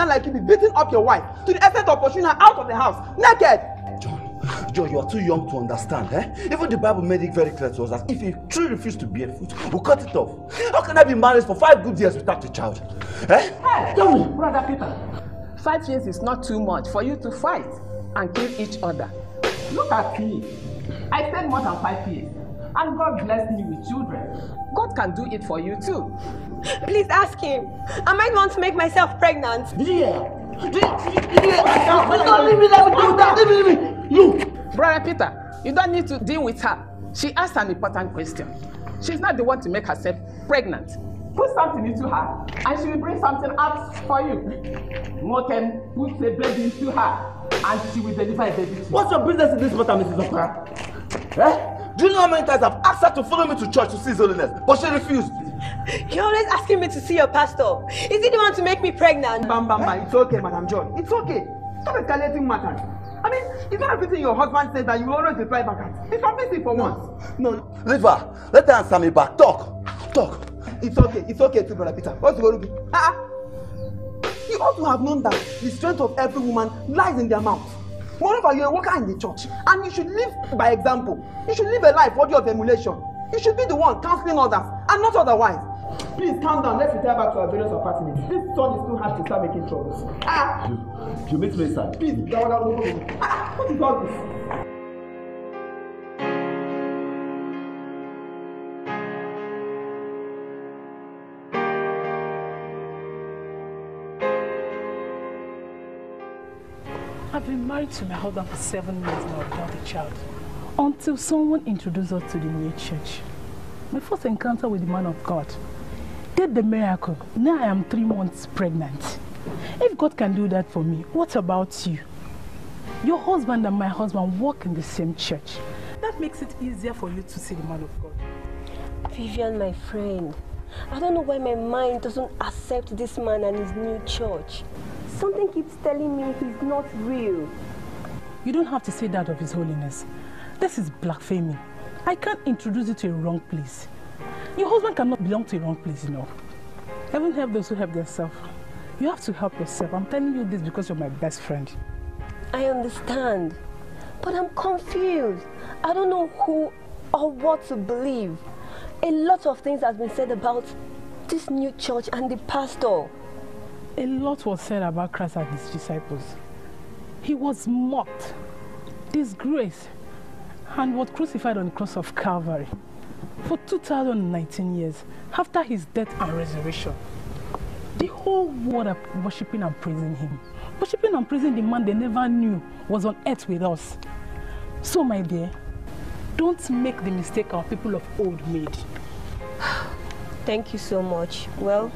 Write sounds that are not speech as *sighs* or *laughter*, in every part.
partner like you be beating up your wife to the extent of pushing her out of the house naked. John, John, you are too young to understand. Eh? Even the Bible made it very clear to us that if you truly refuse to bear fruit, we'll cut it off. How can I be married for five good years without a child? Eh? Hey, tell me, brother Peter. Five years is not too much for you to fight and kill each other. Look at me. I spent more than five years, and God blessed me with children. God can do it for you too. Please ask him. I might want to make myself pregnant. Look. Brother Peter, you don't need to deal with her. She asked an important question. She's not the one to make herself pregnant. Put something into her, and she will bring something out for you. Morten put the baby into her, and she will deliver a baby. What's your business in this matter, Mrs. Okra? Eh? Do you know how many times I've asked her to follow me to church to see his holiness, but she refused? *laughs* You're always asking me to see your pastor. Is he the one to make me pregnant? Bam, bam, bam. It's okay, Madam John. It's okay. Stop escalating matters. I mean, it's not everything your husband says that you always reply back at. It's something for no. once. No, no. Let her answer me back. Talk. Talk. It's okay. It's okay too, Brother Peter. What's going to be? Ah! You ought to have known that the strength of every woman lies in their mouth. Moreover, you're a worker in the church, and you should live by example. You should live a life worthy of emulation. You should be the one counseling others, and not otherwise. Please calm down. Let's retire back to our various apartments. This son is too hard to start making troubles. Ah! You, you meet me, sir. Please, down, down, down, down. Ah! What is all this? I've been married to my husband for seven years now without a child. Until someone introduced us to the new church. My first encounter with the man of God did the miracle. Now I am three months pregnant. If God can do that for me, what about you? Your husband and my husband work in the same church. That makes it easier for you to see the man of God. Vivian, my friend, I don't know why my mind doesn't accept this man and his new church. Something keeps telling me he's not real. You don't have to say that of His Holiness. This is blasphemy. I can't introduce you to a wrong place. Your husband cannot belong to the wrong place, you know. Heaven help those who help themselves. You have to help yourself. I'm telling you this because you're my best friend. I understand. But I'm confused. I don't know who or what to believe. A lot of things has been said about this new church and the pastor. A lot was said about Christ and his disciples. He was mocked, disgraced, and was crucified on the cross of Calvary for 2019 years after his death and resurrection. The whole world are worshipping and praising him. Worshipping and praising the man they never knew was on earth with us. So, my dear, don't make the mistake our people of old made. *sighs* Thank you so much. Well,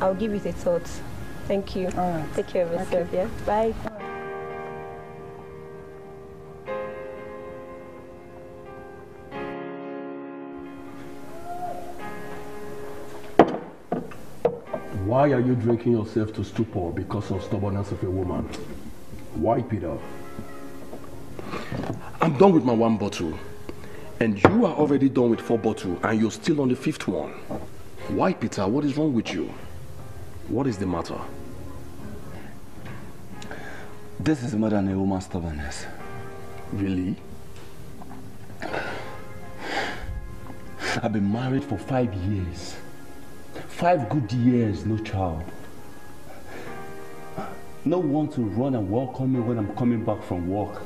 I'll give it a thought. Thank you. Take care of yourself, okay. yeah? Bye. Why are you drinking yourself to stupor because of stubbornness of a woman? Wipe it off. I'm done with my one bottle. And you are already done with four bottles and you're still on the fifth one. Why, Peter? What is wrong with you? What is the matter? This is more than a woman's stubbornness. Really? I've been married for five years. Five good years, no child. No one to run and welcome me when I'm coming back from work.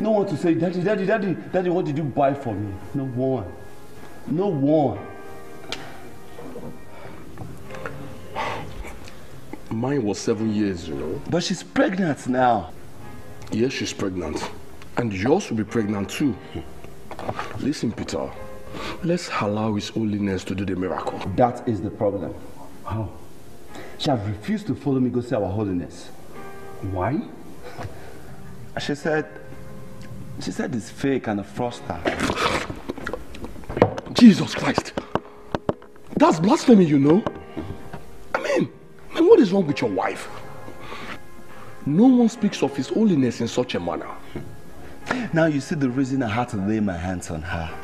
No one to say, Daddy, Daddy, Daddy, Daddy, what did you buy for me? No one. No one. Mine was seven years, you know. But she's pregnant now. Yes, she's pregnant. And yours will be pregnant too. Listen, Peter. Let's allow His Holiness to do the miracle. That is the problem. How? Oh. She has refused to follow me go see our Holiness. Why? *laughs* She said, she said it's fake and a fraudster. Jesus Christ. That's blasphemy, you know. I mean, what is wrong with your wife? No one speaks of His Holiness in such a manner. Now you see the reason I had to lay my hands on her.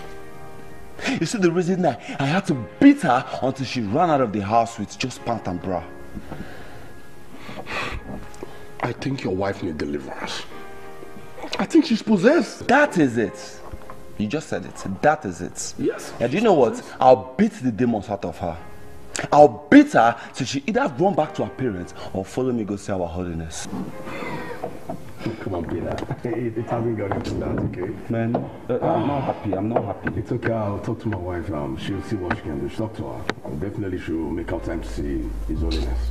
*laughs* You see the reason that I had to beat her until she ran out of the house with just pant and bra. I think your wife needs deliverance. I think she's possessed. That is it. You just said it. That is it. Yes. And you know what? I'll beat the demons out of her. I'll beat her till she either run back to her parents or follow me go see our holiness come on, be that. *laughs* It, it hasn't gotten to that, okay? Man, uh, I'm not happy. I'm not happy. It's okay. I'll talk to my wife. Um, she'll see what she can do. She'll talk to her. definitely, she'll make out time to see His Holiness.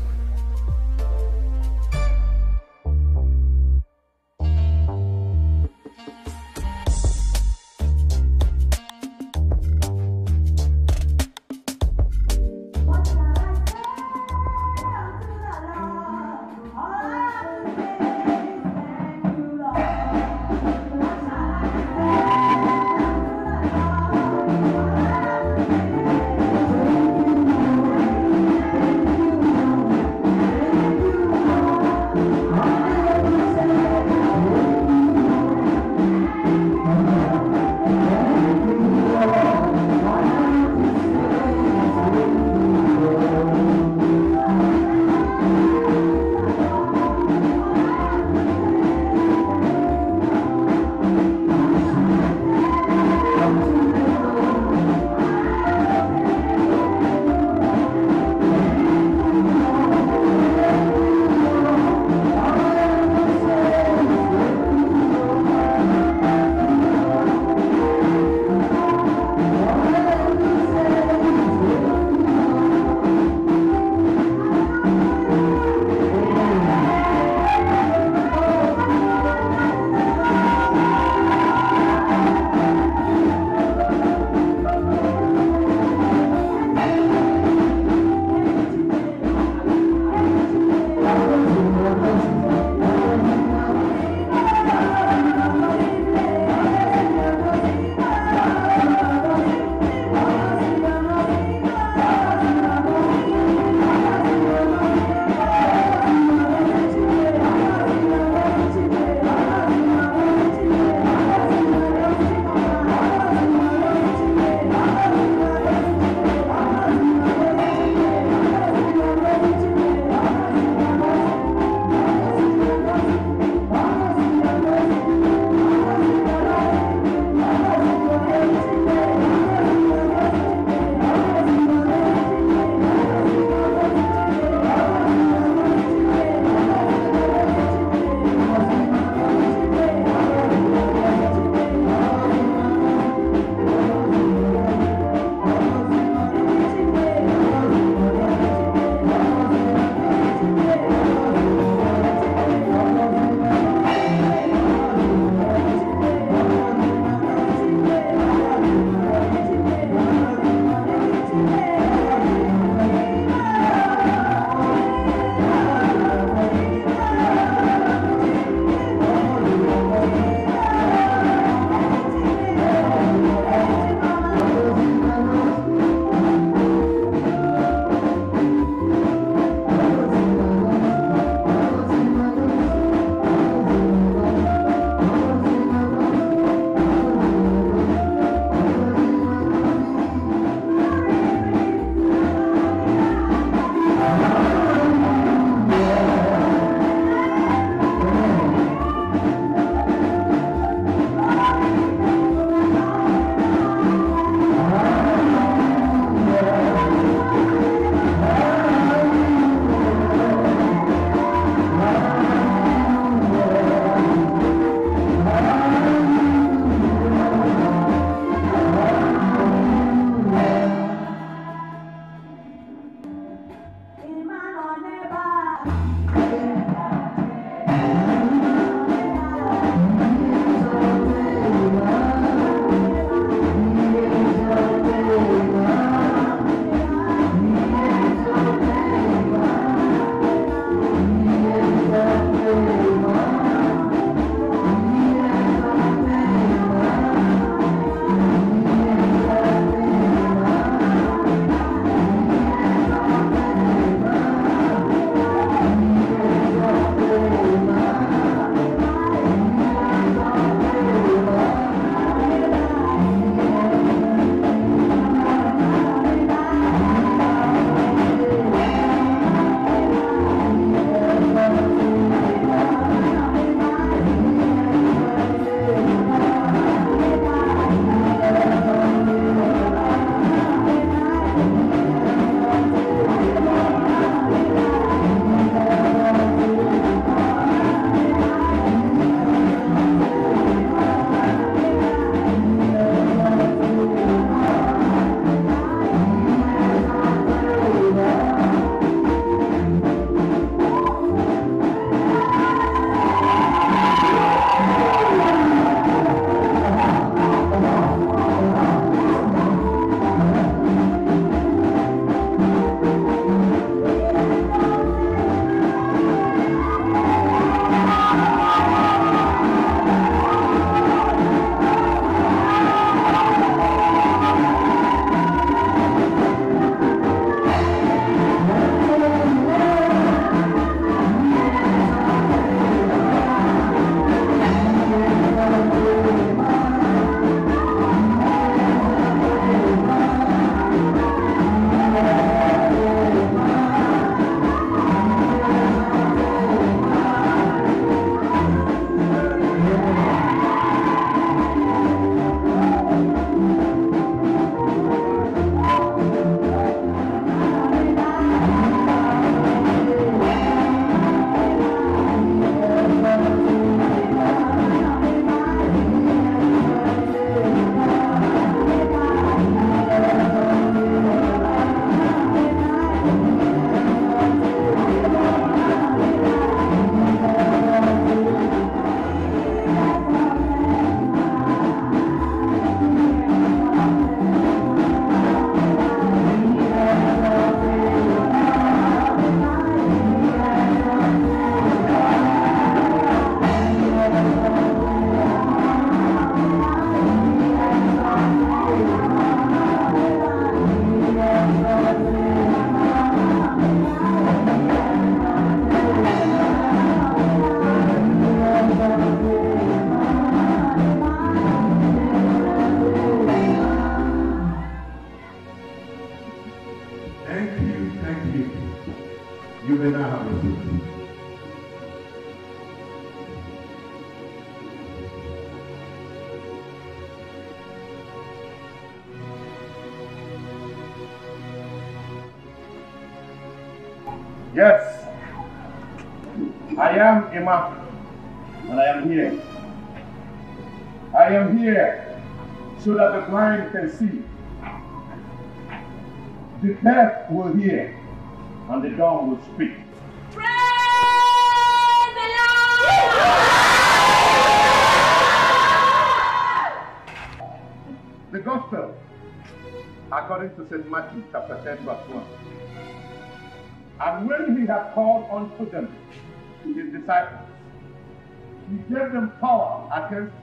He gave them power against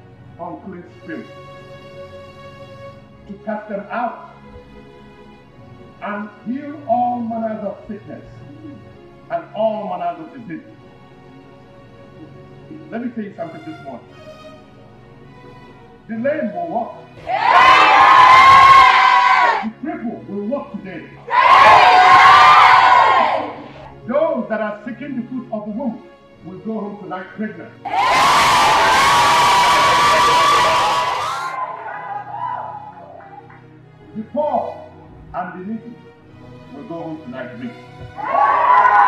unclean spirits to cast them out and heal all manners of sickness and all manners of disease. Let me tell you something this morning. The lame will walk. The cripple will walk today. Those that are seeking the fruit of the womb will go home tonight pregnant. The poor and the needy will go home tonight rich.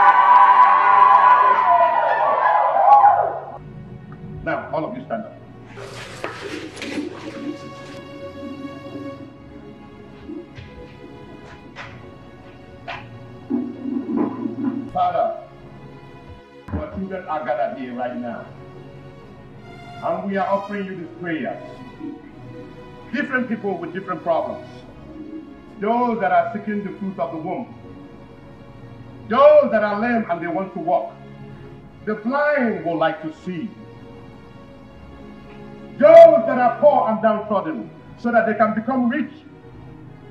That are gathered here right now. And we are offering you this prayer. Different people with different problems. Those that are seeking the fruit of the womb. Those that are lame and they want to walk. The blind will like to see. Those that are poor and downtrodden so that they can become rich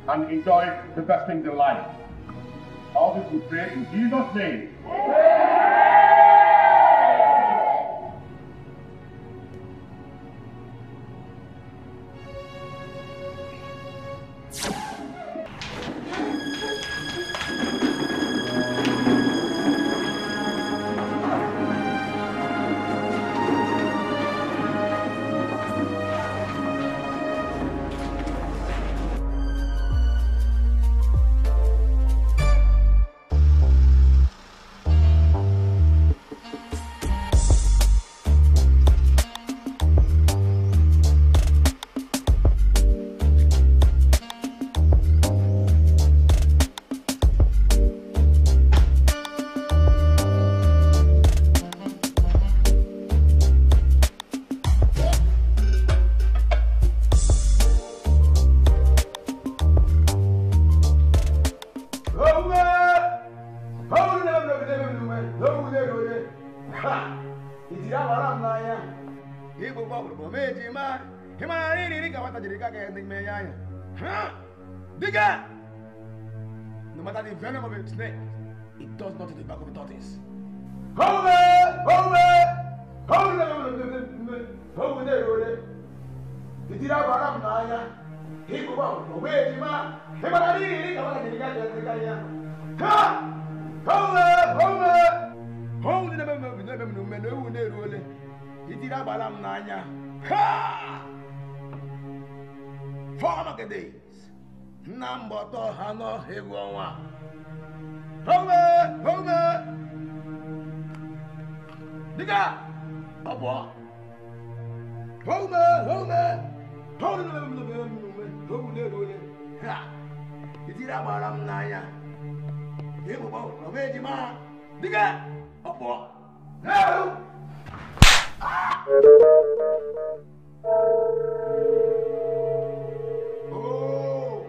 and enjoy the best things in life. All this we pray in Jesus' name. Amen. venom of a snake, it does not in the back of the tortoise. Hold it! Hold it! Hold it! Hold it! Hold it! Ìdílé àwọn ará mi náà yá. Ìgbò bá wò wé èdè má. Ìgbàlá ní ìrìn ìgbà wọn àgbèrè gáàjì hold gáàjì hold Ká! Hold it! Hold it! Hold it! Hold it! Hold it! Ewu na-eru ole. Ìdílé àwọn ará mi náà yá. Ká! Four market days. Nna mgbọtọ ha n'ọhịa egwu ọnwa. Homer! Homer! Les gars! À boire! Homer! Homer! Itiri agbara m n'anya. Ịbụba ọba ejima. Dịga! Ọ pụọ! N'elu! Ah! Oh!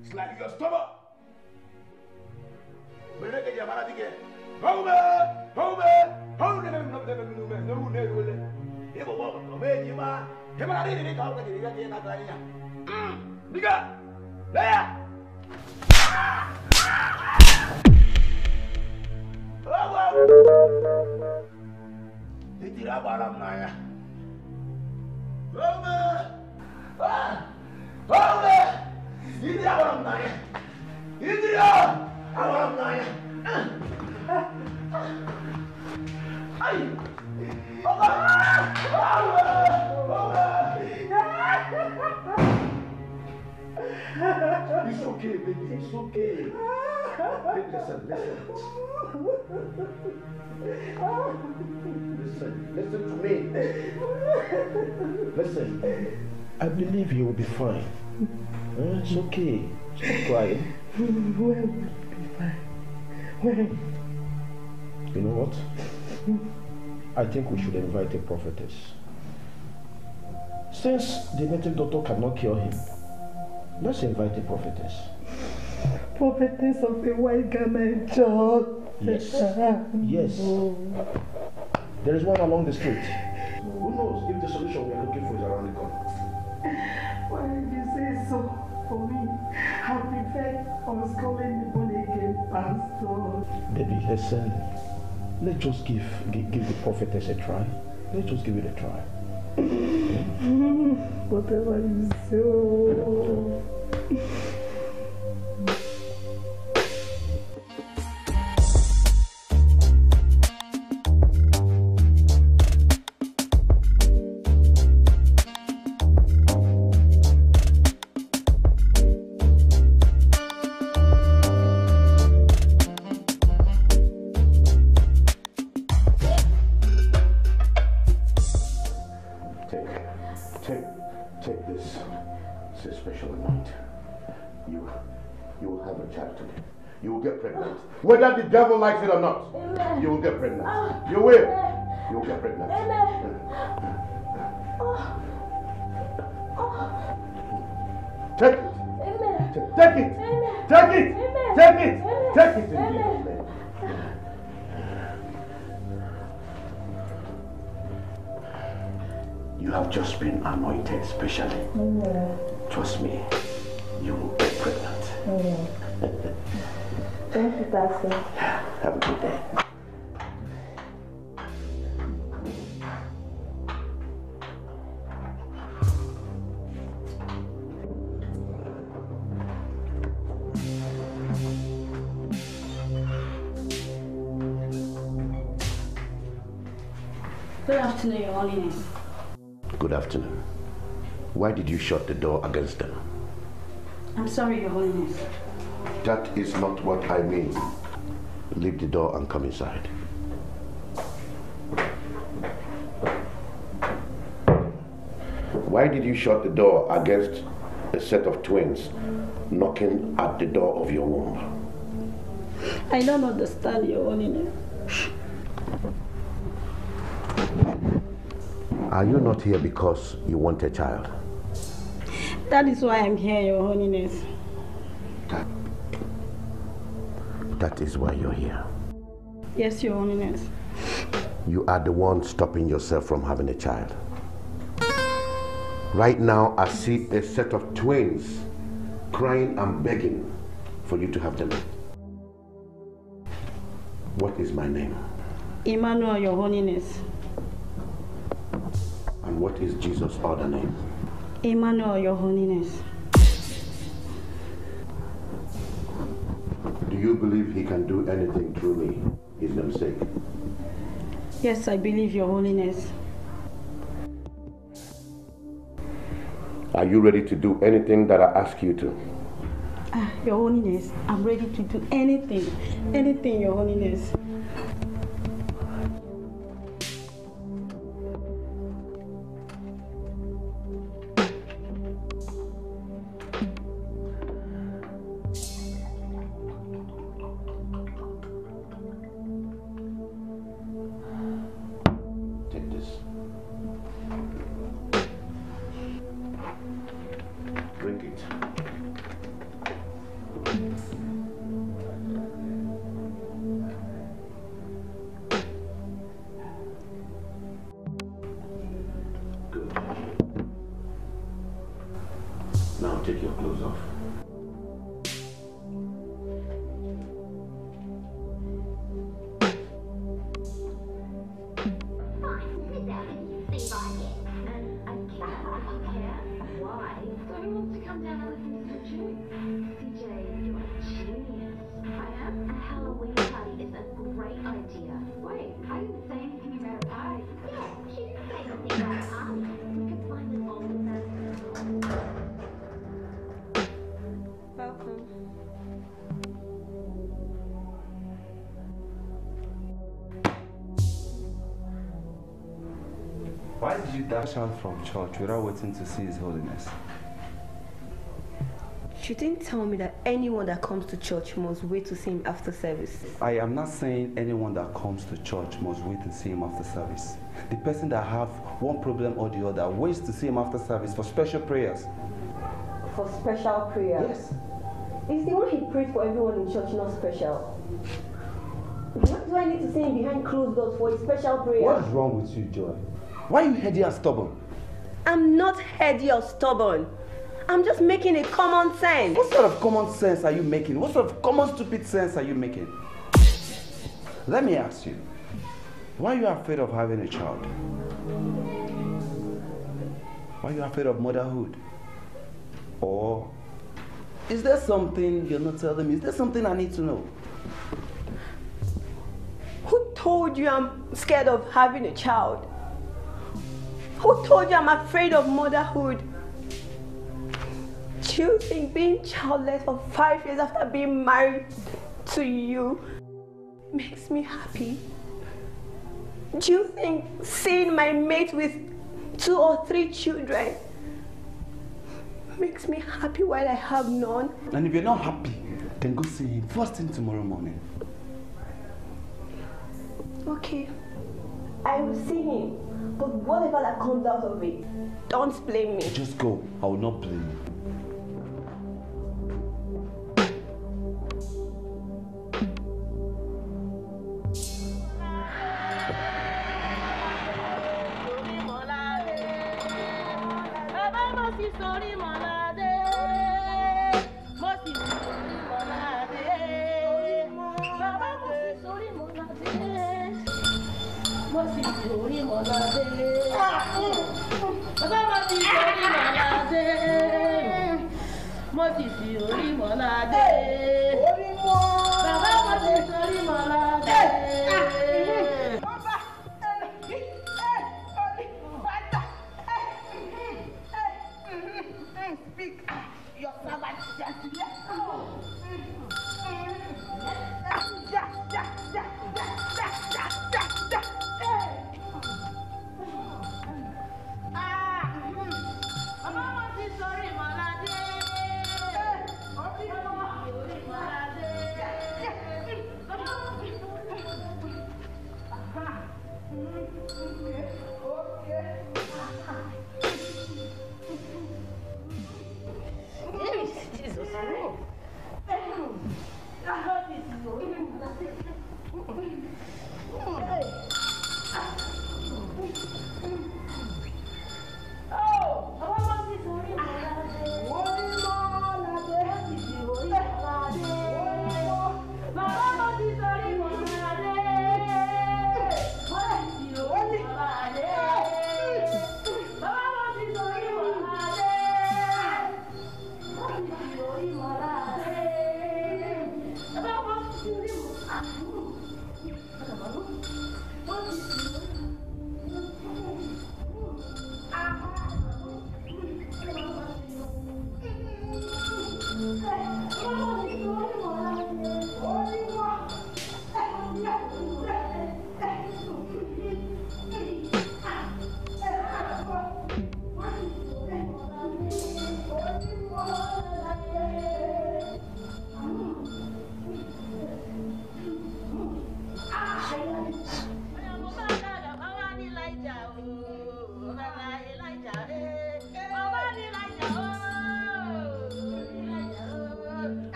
It's like your stomach! onye ga amara dike etiri agbara m n'anya ire agbara m n'anya It's okay, baby. It's okay. Baby, listen, listen. Listen, listen to me. Listen. I believe you will be fine. It's okay. Stop crying. well. *laughs* you know what? I think we should invite a prophetess. Since the native doctor cannot cure him, let's invite a prophetess. Prophetess of the white garment, Yes. yes. There is one along the street. Who knows if the solution we are looking for is around the corner? Why did you say so? For me, I prefer us calling the born again past. David has let's just give, give, give the prophetess a try. Let's just give it a try. *laughs* Whatever you say. likes it or not, Amen. you will get pregnant. Ah. You will. You will get pregnant. Ah. Ah. Amen. Take it. Amen. Take it. Take it. Take it. Take it. Take it. You have just been anointed especially. Trust me, you will get pregnant. Thank you, Pastor. Have a good day. Good afternoon, Your Good afternoon. Why did you shut the door against them? I'm sorry, Your Holiness. That is not what I mean leave the door and come inside. Why did you shut the door against a set of twins knocking at the door of your womb? I don't understand your holiness. Are you not here because you want a child? That is why I'm here, your holiness. That is why you're here. Yes, Your Holiness. You are the one stopping yourself from having a child. Right now, I see a set of twins crying and begging for you to have them. What is my name? Emmanuel, Your Holiness. And what is Jesus' other name? Emmanuel, Your Holiness. Do you believe he can do anything through me, Islam's sake? Yes, I believe, Your Holiness. Are you ready to do anything that I ask you to? Ah, Your Holiness, I'm ready to do anything. Anything, Your Holiness. dash out from church without waiting to see His Holiness. She didn't tell me that anyone that comes to church must wait to see him after service. I am not saying anyone that comes to church must wait to see him after service. The person that have one problem or the other waits to see him after service for special prayers. For special prayers? Yes. Is the one he prayed for everyone in church not special? What do I need to say behind closed doors for a special prayer? What's wrong with you, Joy? Why are you heady and stubborn? I'm not heady or stubborn. I'm just making a common sense. What sort of common sense are you making? What sort of common stupid sense are you making? Let me ask you. Why are you afraid of having a child? Why are you afraid of motherhood? Or is there something you're not telling me? Is there something I need to know? Who told you I'm scared of having a child? Who told you I'm afraid of motherhood? Do you think being childless for five years after being married to you makes me happy? Do you think seeing my mate with two or three children makes me happy while I have none? And if you're not happy, then go see him first thing tomorrow morning. Okay, I will see him. But what about comes out of it? Don't blame me. Just go. I will not blame you. lórí mọ̀ládé. bàbá mo ti fi orí mọ̀ládé. mo ti ah! fi ah! orí mọ̀ládé. bàbá mo ti fi orí mọ̀ládé.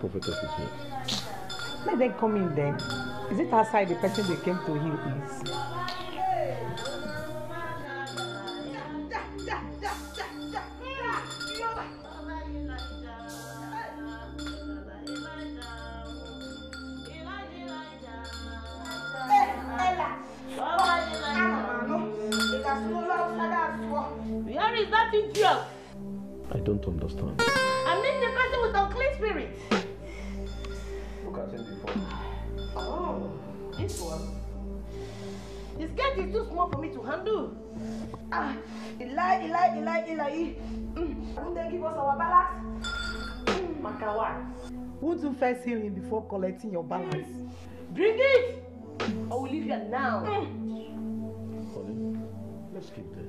prophetess is here. Let them come in then. Is it outside the person they came to heal is? more for me to handle. Ah, Eli, Eli, Eli, Eli. Mm. Won't they give us our balance? Mm. Makawa. Won't you first heal him before collecting your balance? Mm. Bring it! I will leave here now. Mm. Honey, let's keep there.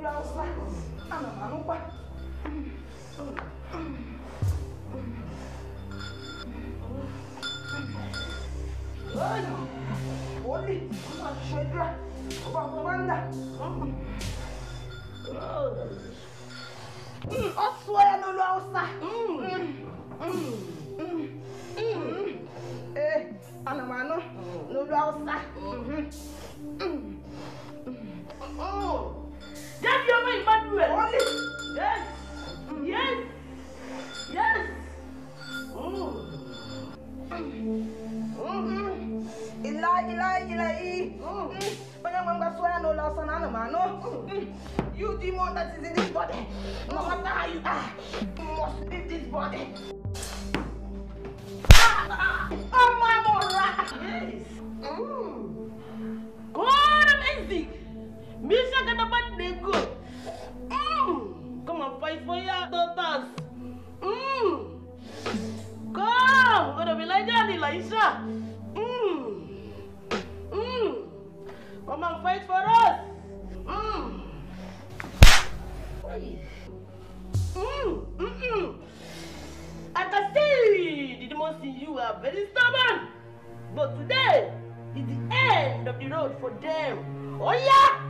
Ananulausa, anamanupa. Ah, olha, olhe, uma chedra, uma comanda. Ó sua Ananulausa. Ei, anamanu, Ananulausa. Mm-hmm. Daddy ọmọ Emmanuel. Only. Yes. Yes. Yes. Mm-hmm. Ilá ilá ilá yìí. Onye nwe mgbasụ ya n'ụlọ ọsọ na anụmanụ. You demon that is in this body. No matter how you are, you must leave this body. Ah, oh, ah. my Yes. Mm. God, amazing. Misha Kanapan dey dego. Mm. Come and fight for your daughters. Mm. Come, gonna bilang like that, Elisha. Mm. Mm. Come and fight for us. Mm. Mm. Mm -mm. I can see the demons in you are very stubborn. But today is the end of the road for them. Oh yeah!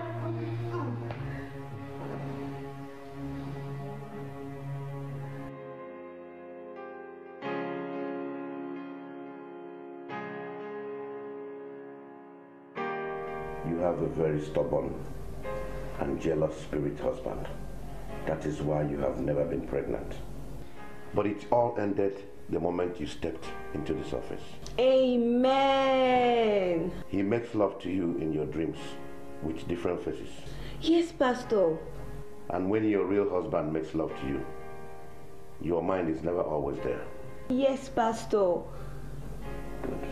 have a very stubborn and jealous spirit husband. That is why you have never been pregnant. But it all ended the moment you stepped into this office. Amen. He makes love to you in your dreams with different faces. Yes, Pastor. And when your real husband makes love to you, your mind is never always there. Yes, Pastor. Good.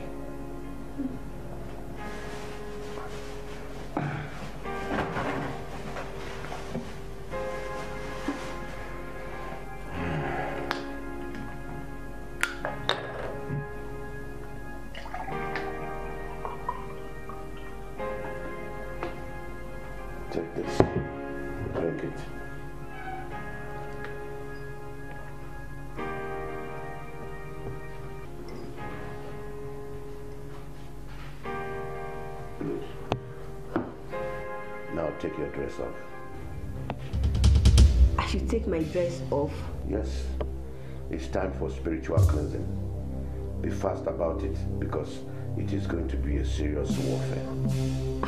dress off. Yes. It's time for spiritual cleansing. Be fast about it because it is going to be a serious warfare. *coughs*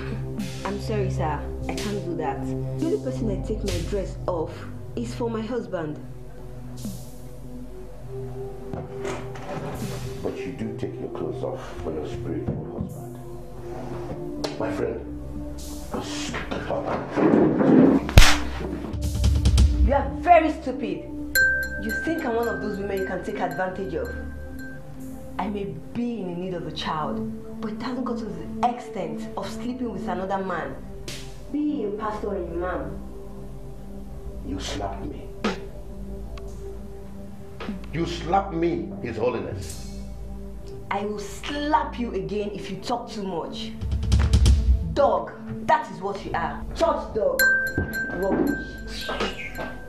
I'm sorry, sir. I can't do that. The only person I take my dress off is for my husband. can take advantage of. I may be in need of a child, but it hasn't got to the extent of sleeping with another man. Be a pastor or imam. You slapped me. You slapped me, His Holiness. I will slap you again if you talk too much. Dog, that is what you are. Church dog. Rubbish.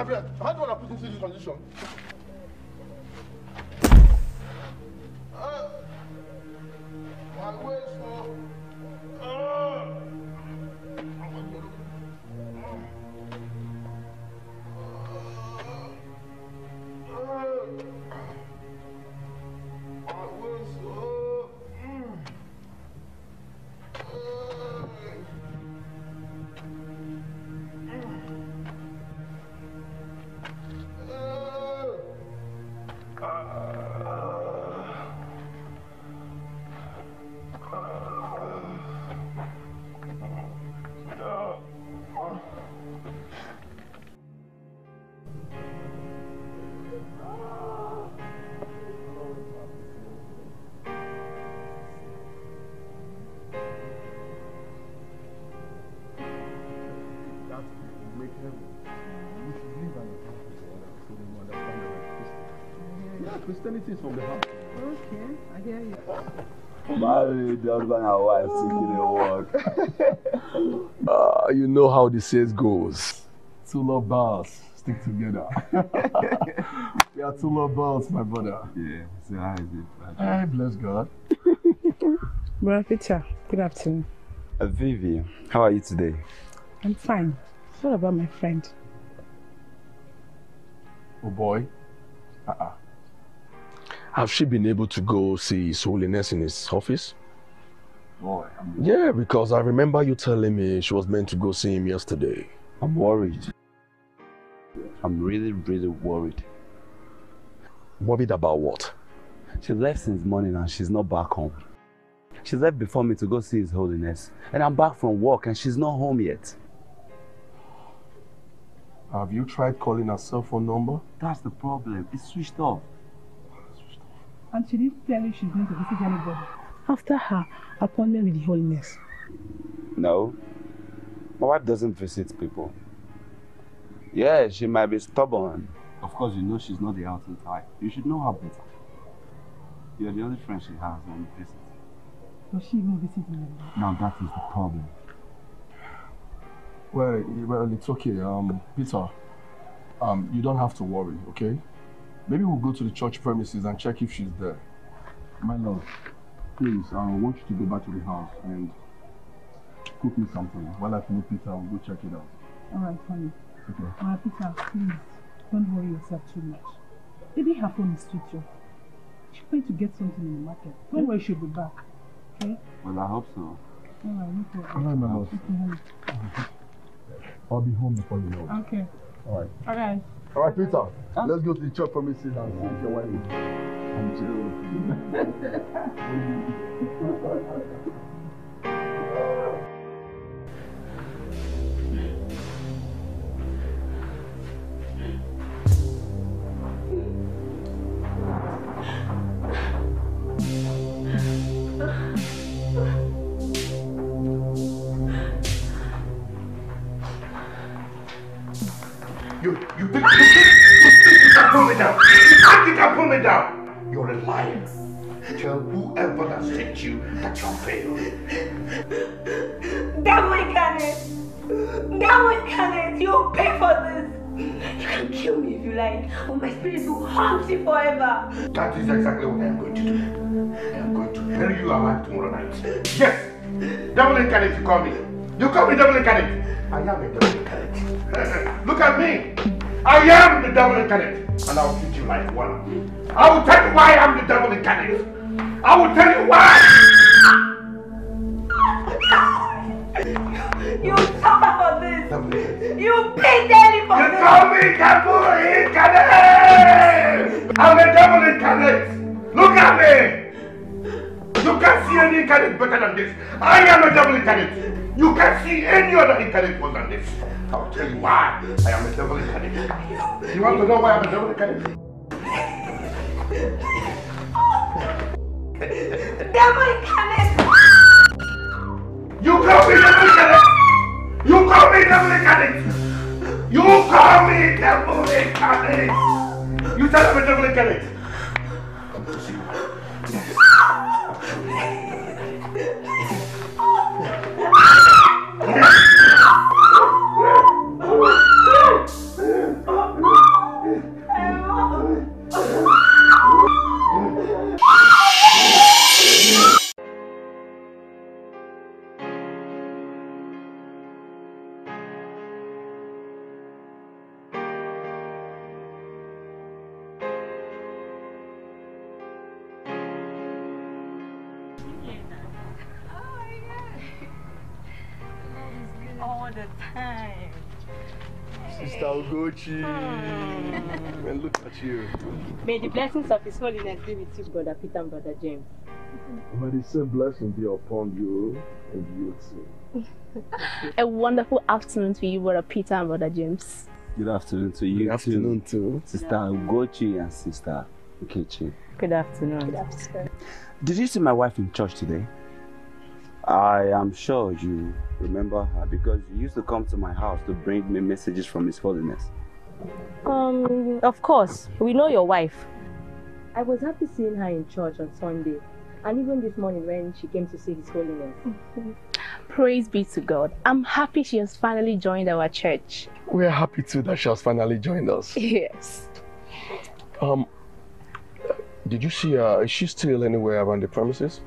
How do I put into this condition. is from the house. Okay, I hear you. Married, husband and wife taking a walk. uh, *laughs* ah, you know how the says goes. Two love bars stick together. *laughs* we are two love bars, my brother. Yeah, so how is it? I bless God. *laughs* Brother good afternoon. Uh, Vivi, how are you today? I'm fine. What about my friend? Oh boy. Uh-uh. Have she been able to go see His Holiness in his office? Boy, I'm... yeah, because I remember you telling me she was meant to go see him yesterday. I'm worried. I'm really, really worried. Worried about what? She left since morning and she's not back home. She left before me to go see His Holiness. And I'm back from work and she's not home yet. Have you tried calling her cell phone number? That's the problem. It's switched off and she didn't tell you she's going to visit anybody after her appointment with the holiness. No, my wife doesn't visit people. Yeah, she might be stubborn. Of course, you know she's not the outing type. You should know her better. You're the only friend she has when you visit. Does she even visit me? Now that is the problem. Well, well, it's okay. Um, Peter, um, you don't have to worry, okay? Maybe we'll go to the church premises and check if she's there. My love, please, I want you to go back to the house and cook me something. While I follow Peter, we'll go check it out. All right, honey. Okay. All right, Peter, please, don't worry yourself too much. Maybe her phone is switched off. She's going to get something in the market. Don't worry, she'll be back. Okay? Well, I hope so. All right, no problem. All right, my love. Okay, honey. I'll be home before you know. Okay. All right. All right. All right, Peter, huh? let's go to the church premises and see if your wife is. I'm chill. You, you think, you think, you think you can pull me down? You think you can pull me down? You're a liar. Tell whoever that sent you that you failed. That we can it. That we can it. You'll pay for this. You can kill me if you like, or my spirit will haunt you forever. That is exactly what I am going to do. I am going to bury you alive tomorrow night. Yes! Devil incarnate, you call me. You call me devil incarnate. I am a devil incarnate. *laughs* Look at me. I am the devil incarnate. And I'll treat you like one. I will tell you why I'm the devil incarnate. I will tell you why. *laughs* you suffer for this. You pay daddy for you this. You call me devil incarnate. I'm the devil incarnate. Look at me. You can't see any incarnate better than this. I am a devil incarnate. You can't see any other incarnate more than this. I'll tell you why I am a devil incarnate. You want to know why I'm a devil incarnate? devil incarnate! You call me devil incarnate! You call me devil incarnate! You call me devil incarnate! You tell me devil incarnate! Sister Ogochi. Hmm. And look at you. May the blessings of His Holiness be with you, Brother Peter and Brother James. May the same blessing be upon you and you too. *laughs* A wonderful afternoon to you, Brother Peter and Brother James. Good afternoon to you. Good afternoon too. too. Sister Ogochi and Sister Nkechi. Good afternoon. Good afternoon. Did you see my wife in church today? I am sure you remember her because you used to come to my house to bring me messages from His Holiness. Um, of course. We know your wife. I was happy seeing her in church on Sunday and even this morning when she came to see His Holiness. *laughs* Praise be to God. I'm happy she has finally joined our church. We are happy too that she has finally joined us. *laughs* Yes. Um, did you see her? Is she still anywhere around the premises?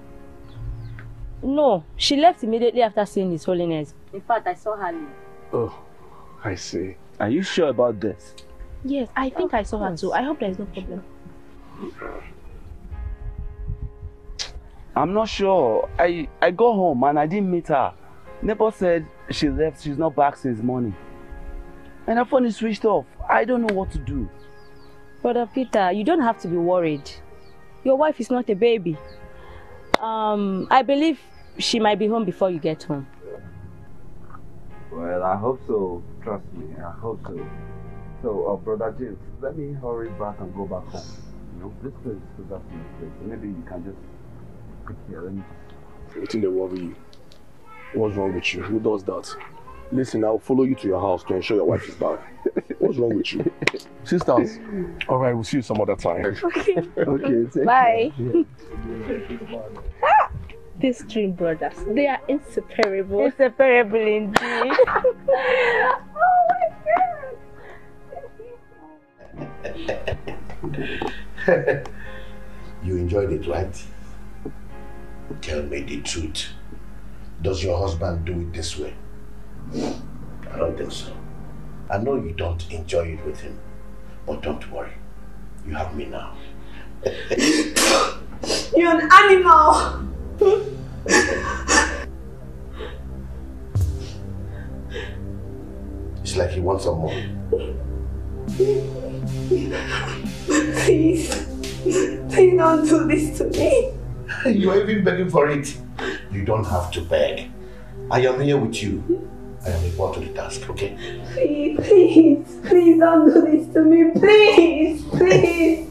No, she left immediately after seeing His Holiness. In fact, I saw her leave. Oh, I see. Are you sure about this? Yes, I think oh, I saw her too. I hope there is no problem. I'm not sure. I, I go home and I didn't meet her. Neighbor said she left, she's not back since morning. And her phone is switched off. I don't know what to do. Brother Peter, you don't have to be worried. Your wife is not a baby. Um, I believe she might be home before you get home. Well, I hope so. Trust me, I hope so. So, uh, Brother James, let me hurry back and go back home. You know, this place is so that's my place. Maybe you can just pick here and... It's in the worry you. What's wrong with you? Who does that? Listen, I'll follow you to your house to ensure your wife is back. What's wrong with you? *laughs* Sisters, all right, we'll see you some other time. Okay. *laughs* okay, Bye. *laughs* Ah! these dream brothers. They are inseparable. Inseparable indeed. *laughs* oh my god. you enjoyed it, right? Tell me the truth. Does your husband do it this way? I don't think so. I know you don't enjoy it with him, but don't worry. You have me now. You're an animal! It's like he wants some more. Please. Please don't do this to me. You're even begging for it. You don't have to beg. I am here with you. I am equal to the task, okay? Please, please, please don't do this to me. Please, please.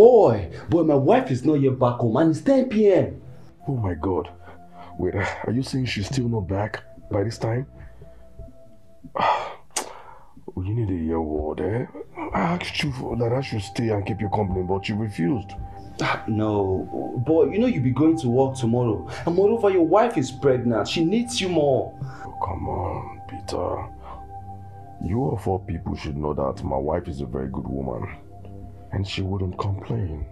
boy, boy, my wife is not yet back home and it's 10 p.m. Oh my God. Wait, *sighs* are you saying she's still not back by this time? you *sighs* need a year word, eh? I asked you for that I should stay and keep you company, but you refused. Ah, no, boy, you know you'll be going to work tomorrow. And moreover, your wife is pregnant. She needs you more. Oh, come on, Peter. You of all people should know that my wife is a very good woman and she wouldn't complain.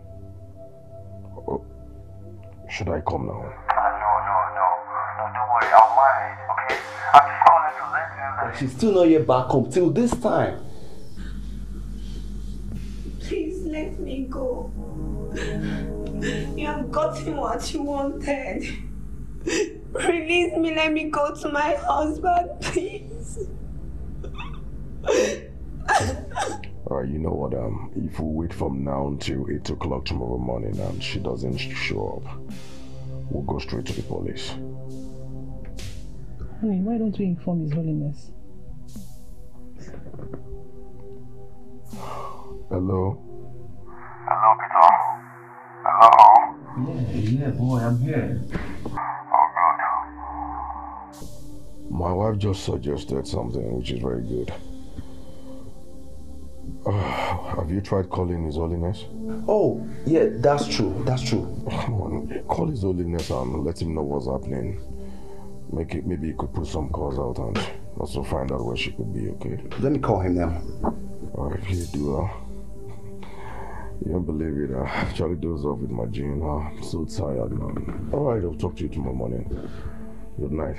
Oh, should I come now? No, no, no. No, don't worry. i okay? She's still not yet back home till this time. Please let me go. You have gotten what you wanted. Release me, let me go to my husband, please uh, you know what, um, if we wait from now until 8 o'clock tomorrow morning and she doesn't show up, we'll go straight to the police. Honey, why don't we inform His Holiness? Hello? Hello, Peter. Hello? Yeah, yeah, boy, I'm here. Oh, God. My wife just suggested something which is very good. Uh, have you tried calling His Holiness? Oh, yeah, that's true. That's true. Oh, come on, call His Holiness and let him know what's happening. Make it, maybe he could put some calls out and also find out where she could be, okay? Let me call him now. All right, please do. Uh, you don't believe it. I actually dozed off with my gene. Uh, I'm so tired, man. All right, I'll talk to you tomorrow morning. Good night.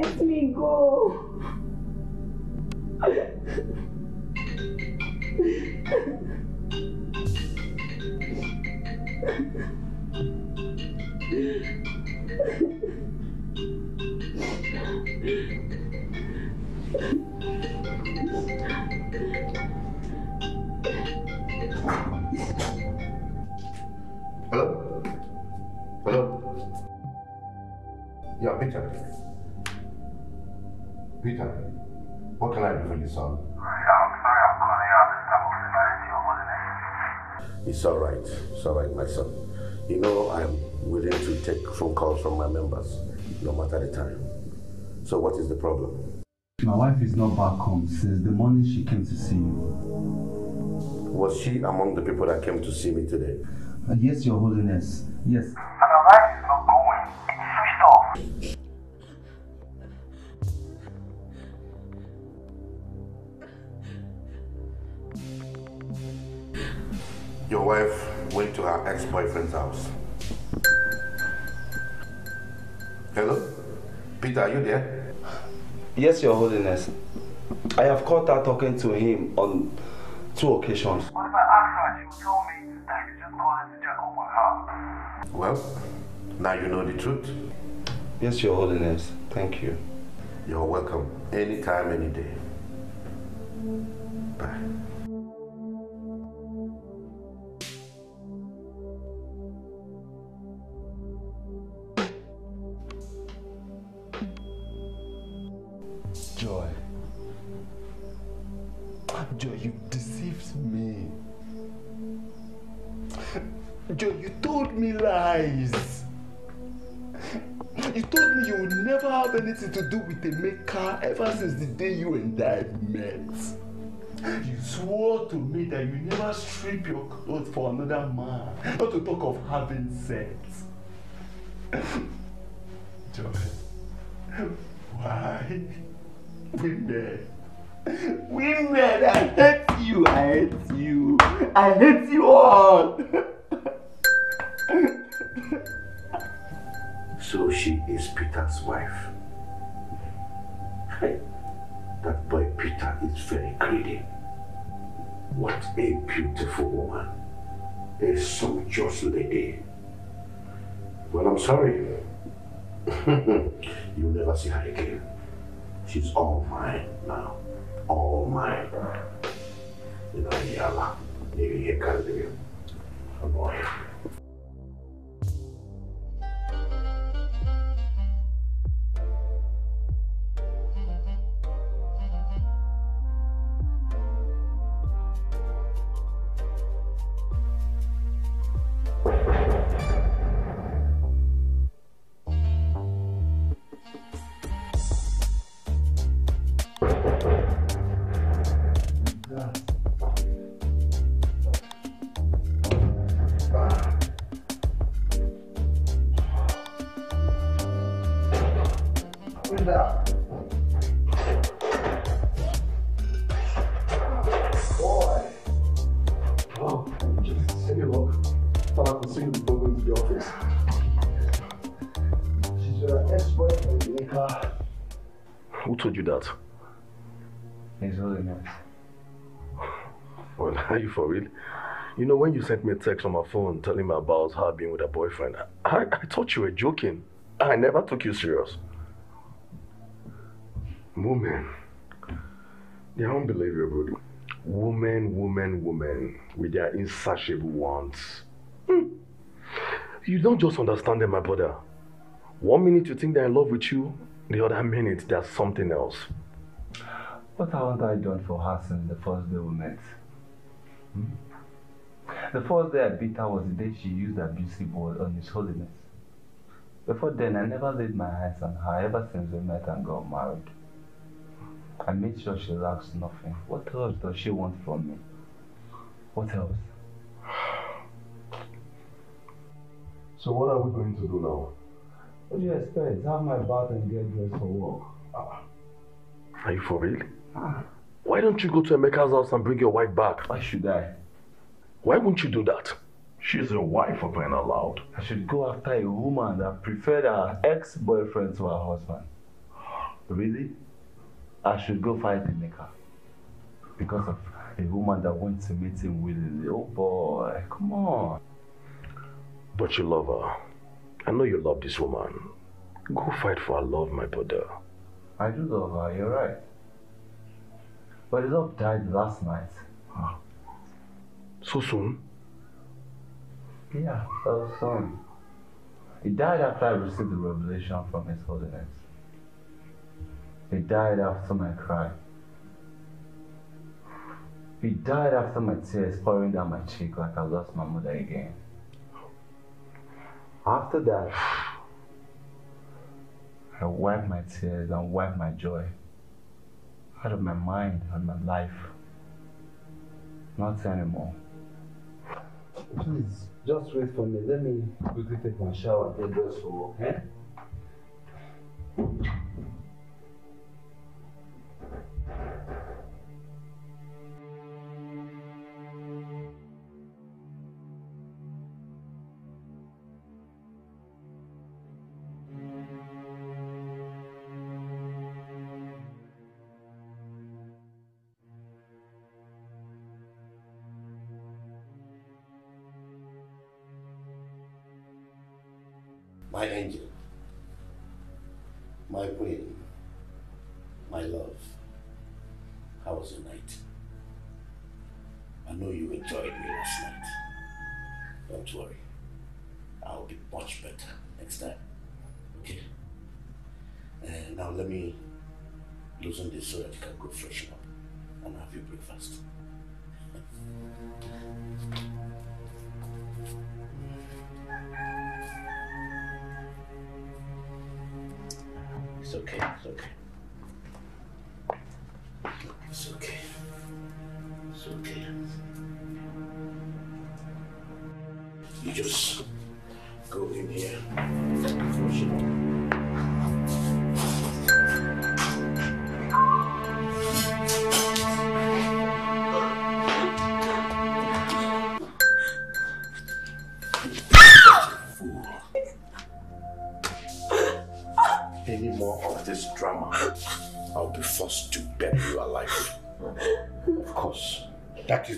Let me go. Hello? Hello? Yeah, picture. Peter, what can I do for you, son? I'm sorry I'm calling you at this time of the night. Your mother It's all right. It's all right, my son. You know, I'm willing to take phone calls from my members, no matter the time. So what is the problem? My wife is not back home since the morning she came to see you. Was she among the people that came to see me today? Uh, yes, Your Holiness. Yes. ex-boyfriend's house. Hello? Peter, are you there? Yes, Your Holiness. I have caught her talking to him on two occasions. What if I asked her? She told me that just called to check on her. Well, now you know the truth. Yes, Your Holiness. Thank you. You're welcome. Anytime, any day. Bye. ever since the day you and I met, you swore to me that you never strip your clothes for another man, not to talk of having sex. Joy, why? Women. Women, I hate you, I hate you, I hate you all. so she is Peter's wife that boy Peter is very greedy. What a beautiful woman. A sumptuous lady. Well, I'm sorry. *laughs* You'll never see her again. She's all mine now. All mine. You know, Yala, you can't do it. I'm when you sent me a text on my phone telling me about her being with her boyfriend, I, I thought you were joking. I never took you serious. Woman, they're unbelievable. Woman, woman, woman, with their insatiable wants. Hmm. You don't just understand them, my brother. One minute you think they're in love with you, the other minute there's something else. What haven't I done for her since the first day we met? Hmm? The first day I beat her was the day she used abusive words on His Holiness. Before then, I never laid my eyes on her ever since we met and got married. I made sure she lacks nothing. What else does she want from me? What else? So what are we going to do now? What do you expect? Have my bath and get dressed for work. Are you for real? Ah. Why don't you go to Emeka's house and bring your wife back? Why should I? Why won't you do that? She's the wife of an allowed. I should go after a woman that preferred her ex-boyfriend to her husband. Really? I should go fight Emeka. Because of a woman that went to meet him willingly. Oh boy, come on. But you love her. I know you love this woman. Go fight for her love, my brother. I do love her, you're right. But the love died last night. Huh. Ah. So soon? Yeah, so soon. He died after I received the revelation from His Holiness. He died after my cry. He died after my tears pouring down my cheek like I lost my mother again. After that, I wiped my tears and wiped my joy out of my mind and my life. Not anymore. Please, just wait for me. Let me quickly take my shower and dress for work, eh?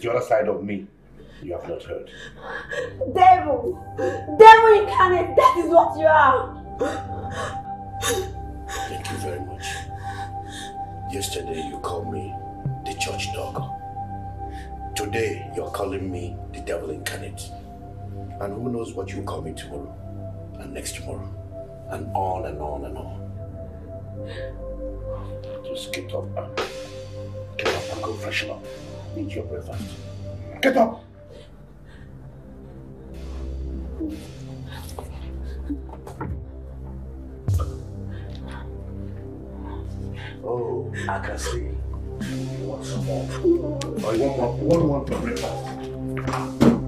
the other side of me you have not heard. Devil! Devil incarnate, that is what you are! Thank you very much. Yesterday you called me the church dog. Today you're calling me the devil incarnate. And who knows what you call me tomorrow, and next tomorrow, and on and on and on. Just get up and get up and go freshen up. Eat your breakfast. Get up! Oh, I can see. You want some more? I want one, one, one for breakfast.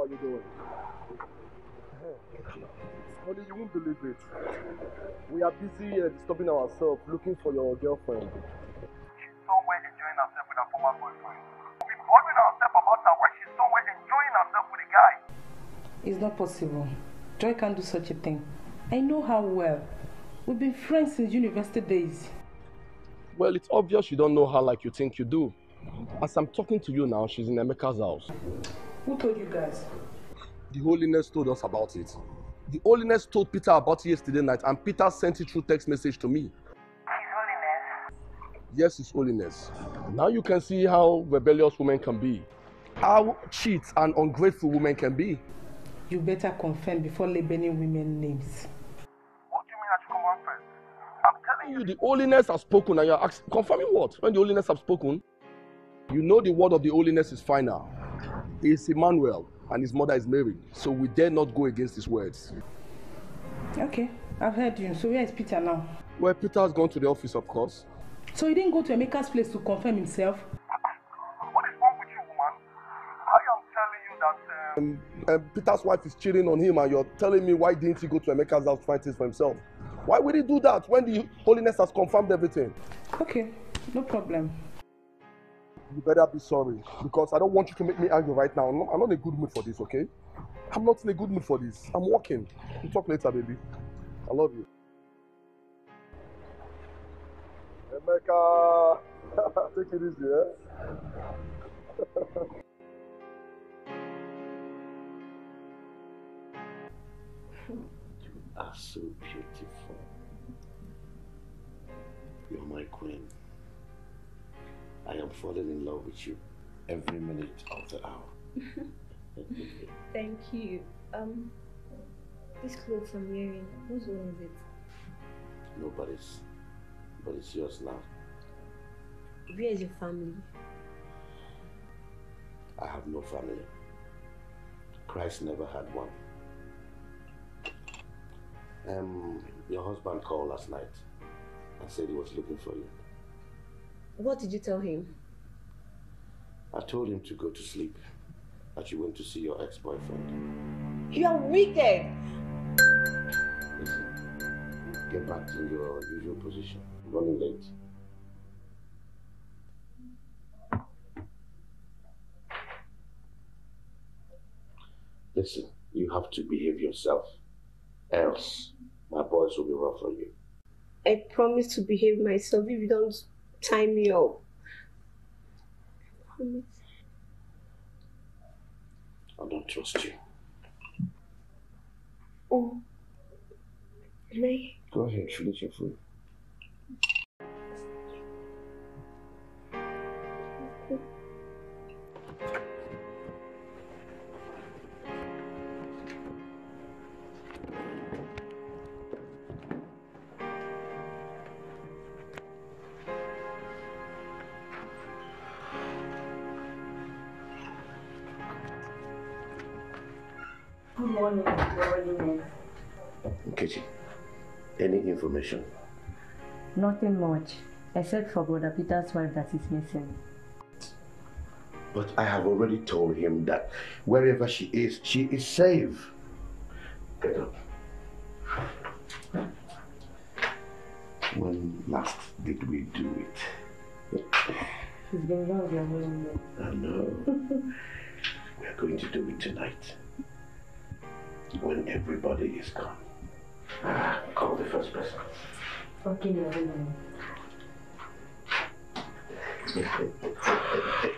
how are you doing? Honey, you won't believe it. We are busy uh, disturbing ourselves looking for your girlfriend. She's somewhere enjoying herself with her former boyfriend. We've been bothering ourselves about her while she's somewhere enjoying herself with a guy. It's not possible. Joy can't do such a thing. I know her well. We've been friends since university days. Well, it's obvious you don't know her like you think you do. As I'm talking to you now, she's in Emeka's house. Who told you guys? The holiness told us about it. The holiness told Peter about it yesterday night, and Peter sent it through text message to me. His holiness. Yes, His holiness. Now you can see how rebellious women can be, how cheat and ungrateful women can be. You better confirm before labeling women names. What do you mean I should come first? I'm telling you, the holiness has spoken, and you're confirming what? When the holiness has spoken, you know the word of the holiness is final is Emmanuel and his mother is Mary. So we dare not go against his words. Okay, I've heard you. So where is Peter now? Well, Peter has gone to the office, of course. So he didn't go to Emeka's place to confirm himself? what is wrong with you, woman? I am telling you that... Uh, um, um, Peter's wife is cheating on him and you're telling me why didn't he go to Emeka's house to find things for himself? Why would he do that when the holiness has confirmed everything? Okay, no problem you better be sorry because I don't want you to make me angry right now. I'm not, I'm not in a good mood for this, okay? I'm not in a good mood for this. I'm working. We'll talk later, baby. I love you. Emeka! *laughs* Take it easy, eh? you *laughs* are so beautiful. You're my queen. I am falling in love with you every minute of the hour. *laughs* Thank you. Um, this clothes I'm wearing, who's is it? Nobody's. But it's yours now. Where is your family? I have no family. Christ never had one. Um, your husband called last night and said he was looking for you. What did you tell him? I told him to go to sleep. That you went to see your ex-boyfriend. You are wicked! Listen, get back to your usual position. I'm running late. Listen, you have to behave yourself. Else, my boys will be rough on you. I promise to behave myself if you don't time up. I don't trust you. Oh. May. Go ahead, finish your food. information? Nothing much, except for Brother Peter's wife that is missing. But I have already told him that wherever she is, she is safe. Get up. When last did we do it? It's been long, long, I know. *laughs* we are going to do it tonight. When everybody is gone. Ah, call the first person. Okay, everyone. *laughs*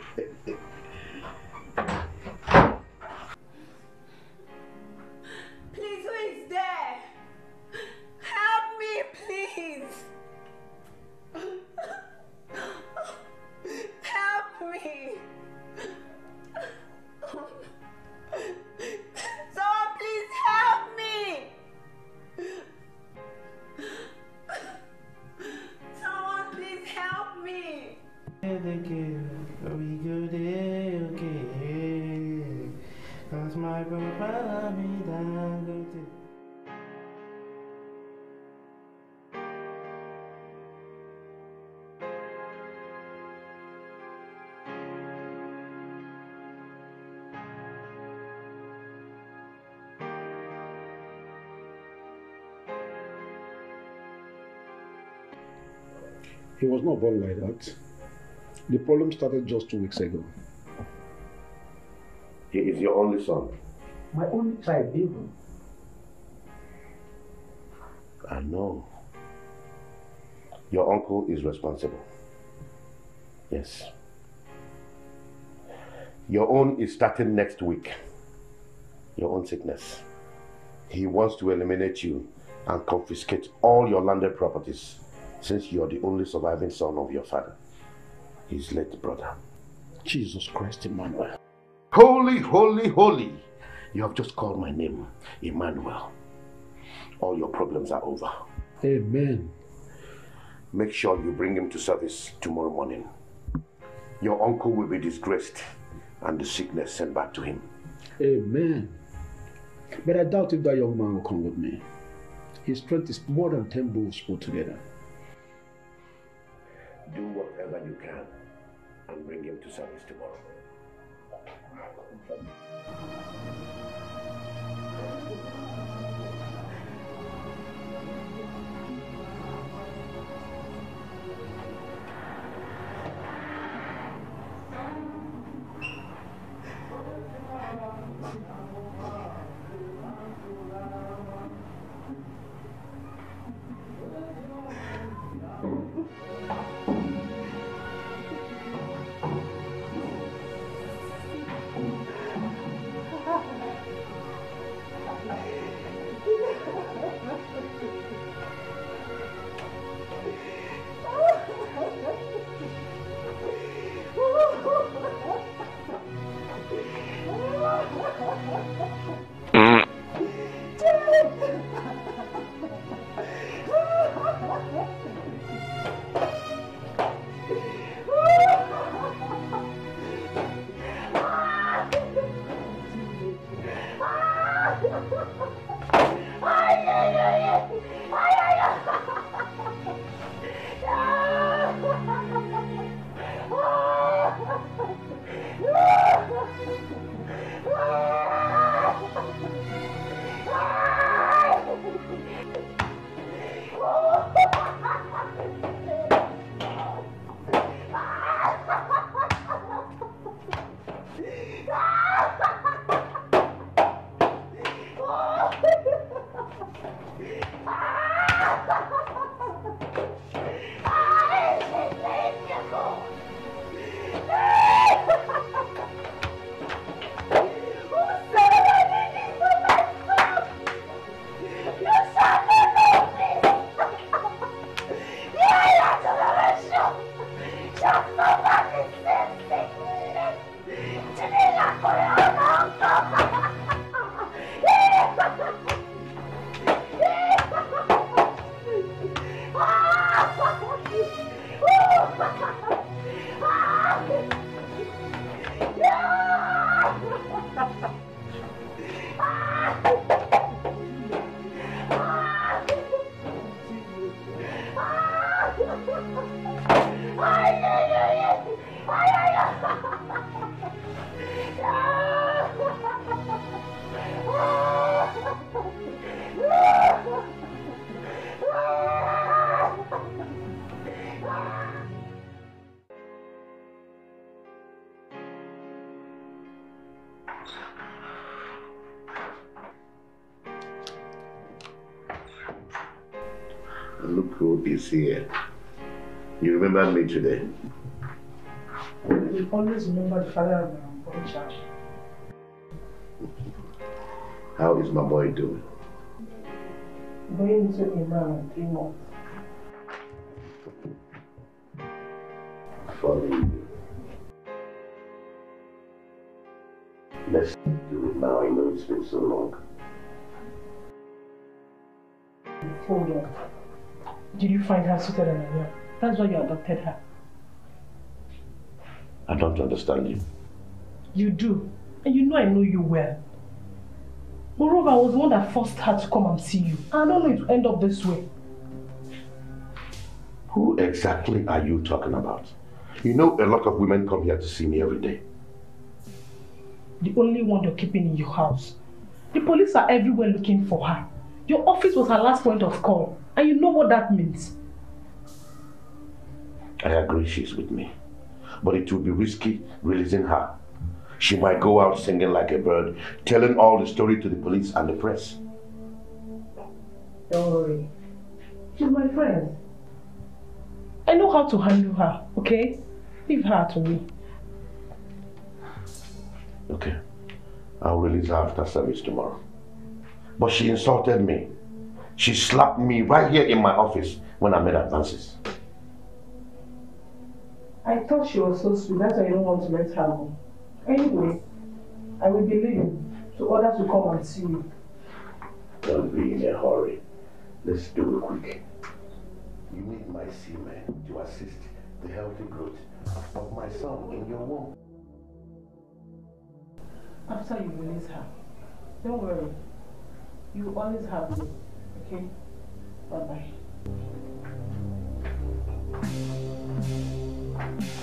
He was not born like that. The problem started just two weeks ago. He is your only son. My only child, even. I know. Your uncle is responsible. Yes. Your own is starting next week. Your own sickness. He wants to eliminate you and confiscate all your landed properties since you're the only surviving son of your father, his late brother. Jesus Christ Emmanuel. Holy, holy, holy. You have just called my name, Emmanuel. All your problems are over. Amen. Make sure you bring him to service tomorrow morning. Your uncle will be disgraced and the sickness sent back to him. Amen. But I doubt if that young man will come with me. His strength is more than 10 bulls put together while you can and bring him to service tomorrow. here. You remember me today. You always remember the father of my boy child. How is my boy doing? Going to a man in three months. find her suitable and That's why you adopted her. I don't understand you. You do. And you know I know you well. Moreover, I was the one that forced her to come and see you. I don't know it to end up this way. Who exactly are you talking about? You know a lot of women come here to see me every day. The only one you're keeping in your house. The police are everywhere looking for her. Your office was her last point of call. And you know what that means. I agree she's with me. But it will be risky releasing her. She might go out singing like a bird, telling all the story to the police and the press. Don't worry. She's my friend. I know how to handle her, okay? Leave her to me. Okay. I'll release her after service tomorrow. But she insulted me. She slapped me right here in my office when I made advances. I thought she was so sweet, that's why I don't want to let her go. Anyway, I will be leaving, so others will come and see you. Don't be in a hurry. Let's do it quick. You need my semen to assist the healthy growth of my son in your womb. After you release her, don't worry. You always have me, okay? Bye-bye. Thank you.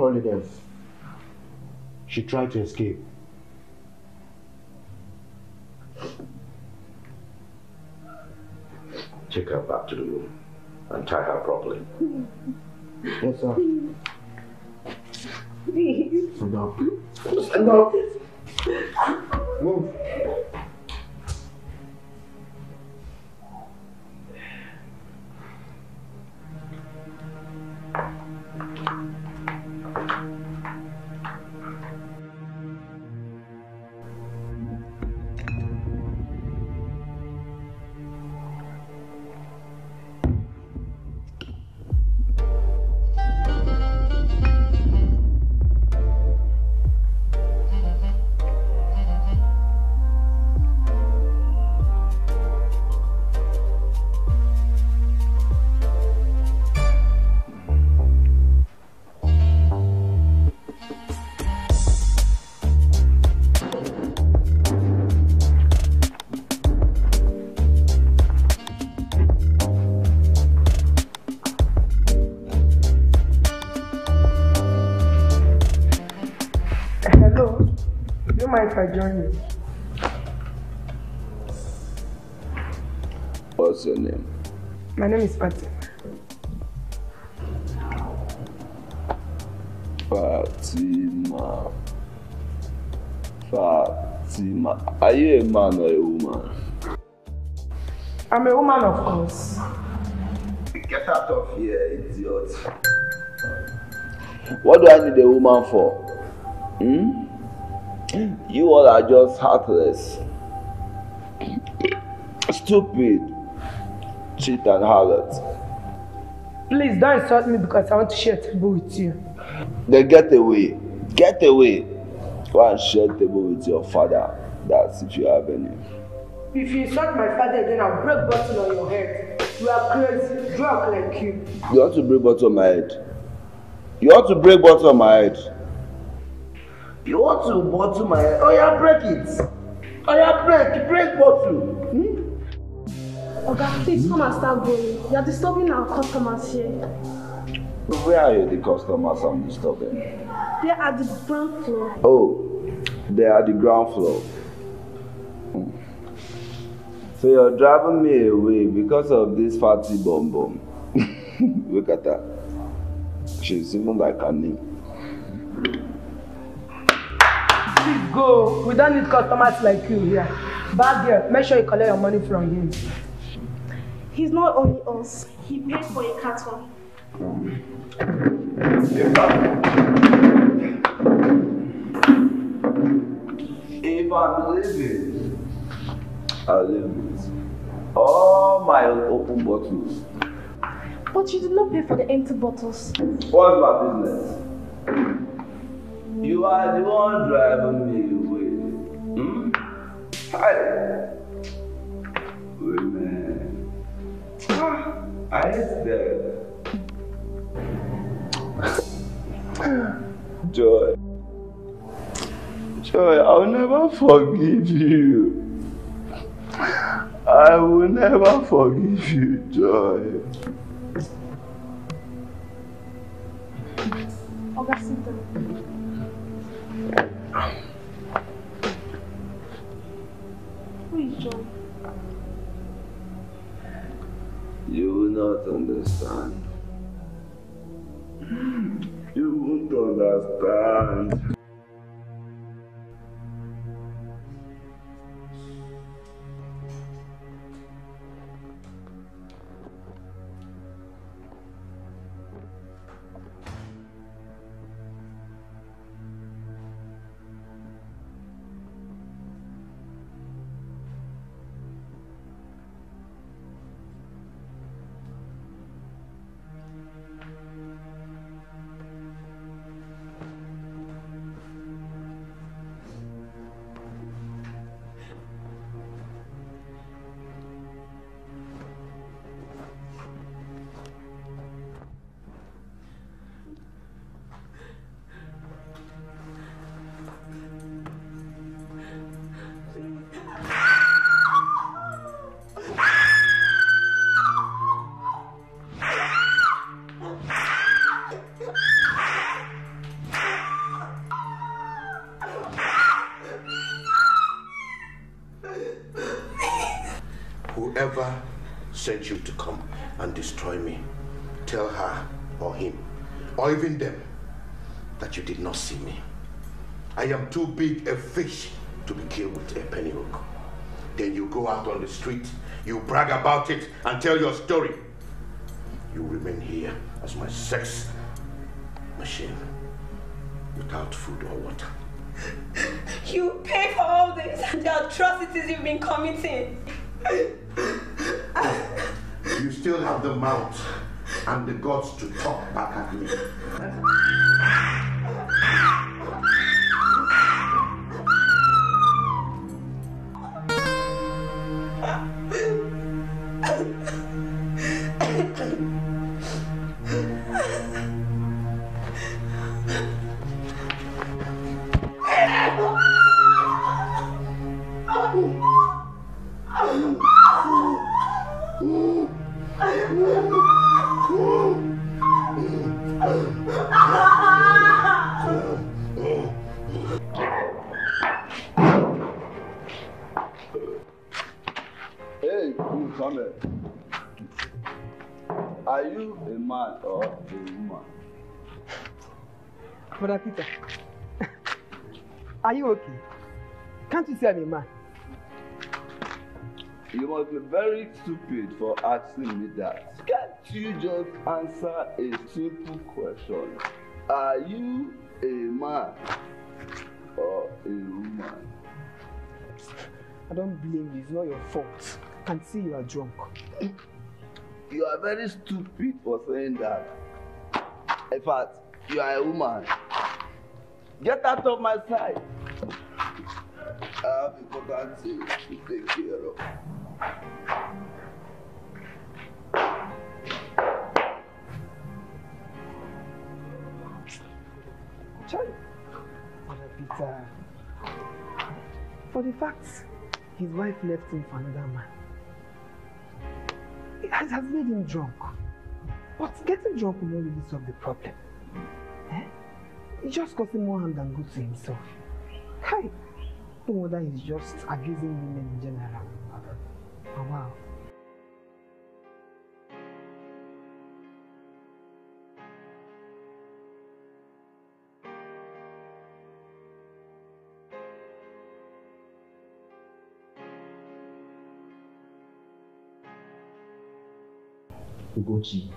holidays. She tried to escape. Take her back to the room and tie her properly. yes, sir. Please. Stand up. Stand up. Move. if I join you? What's your name? My name is Fatima. Fatima. Fatima. Are you a man or a woman? I'm a woman, of course. Get out of here, idiot. What do I need a woman for? Hmm? are just heartless, stupid, cheat and harlot. Please don't insult me because I want to share a table with you. Then get away. Get away. Go and share a table with your father. That's if you have any. If you insult my father then I'll break bottle on your head. You are crazy, drunk like you. You want to break bottle on my head? You want to break bottle on my head? You want to bottle my head? Oh yeah, break it. Oh yeah, break, break bottle. Hmm? Oga, okay, please come and start going. You are disturbing our customers here. Where are the customers I'm disturbing? They are the ground floor. Oh, they are the ground floor. Hmm. So you're driving me away because of this fatty bum bum. *laughs* Look at her. She's even like her name. Go. We don't need customers like you here. Bad girl, make sure you collect your money from him. He's not only us. He paid for a cattle. If I'm living, I'll live it. all my open bottles. But you did not pay for the empty bottles. What's my business? You are the one driving me away. Hmm? Hi. Women. Ah, I said, *laughs* Joy. Joy, I'll never forgive you. I will never forgive you, Joy. Augustine. Son. bait a fish to be killed with a pennyhook. Then you go out on the street, you brag about it and tell your story. You remain here as my sex machine without food or water. *laughs* You pay for all this and the atrocities you've been committing. You still have the mouth and the guts to talk back at me. *laughs* Brother Peter, are you okay? Can't you see I'm a man? You must be very stupid for asking me that. Can't you just answer a simple question? Are you a man or a woman? I don't blame you. It's not your fault. I can see you are drunk. You are very stupid for saying that. In fact, You are a woman. Get out of my sight. I have important things to take care of. Charlie, Peter, for the fact his wife left him for another man, it has, has made him drunk. But getting drunk will not really solve the problem. It's just causing more harm than good to himself. Hi! the mother is just abusing women in general. Oh, wow. Ugochi.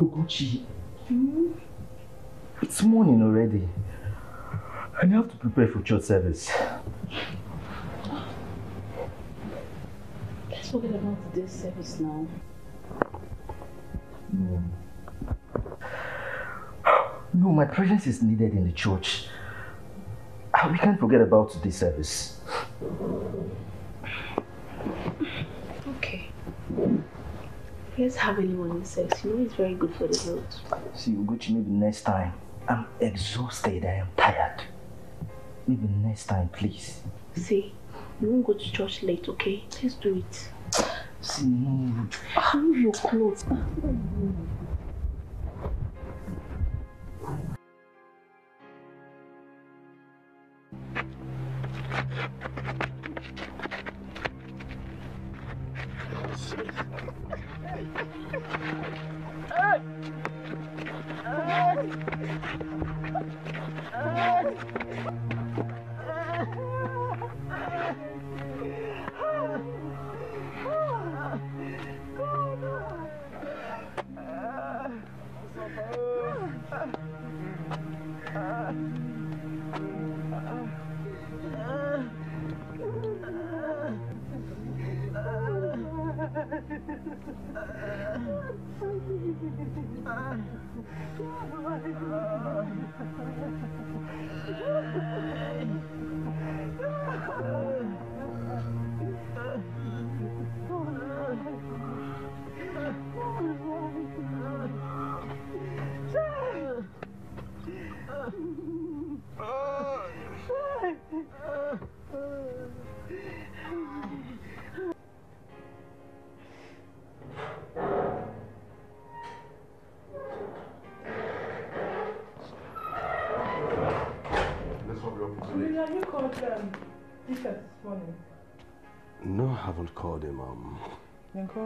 Ugochi. Mm -hmm. It's morning already. And you have to prepare for church service. Let's forget about today's service now. No. No, my presence is needed in the church. Ah, we can't forget about today's service. Okay. Let's have a in sex. You know it's very good for the health. See, Uguchi, maybe next time. I'm exhausted. I am tired. Maybe next time, please. See, you won't go to church late, okay? Please do it. See, no. Move your clothes.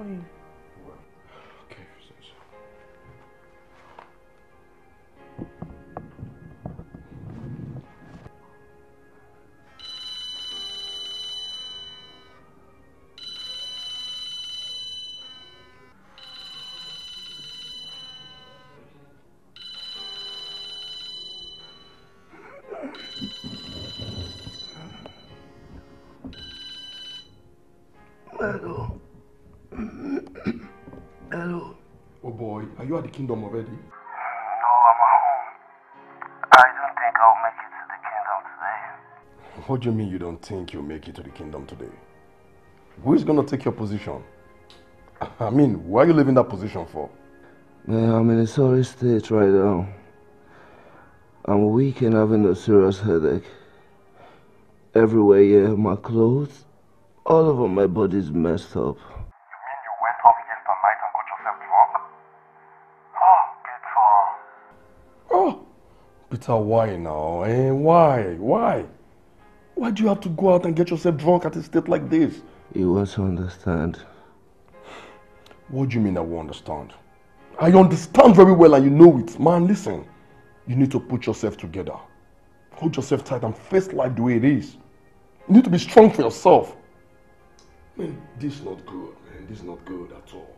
going. kingdom already? No, I'm at home. I don't think I'll make it to the kingdom today. What do you mean you don't think you'll make it to the kingdom today? Who is going to take your position? I mean, why are you leaving that position for? I'm in a sorry state right now. I'm weak and having a serious headache. Everywhere, yeah, my clothes, all over my body's messed up. Peter, why now? Eh? Why? Why? Why do you have to go out and get yourself drunk at a state like this? You also understand. What do you mean I will understand? I understand very well and you know it. Man, listen. You need to put yourself together. Hold yourself tight and face life the way it is. You need to be strong for yourself. Man, this is not good, man. This is not good at all.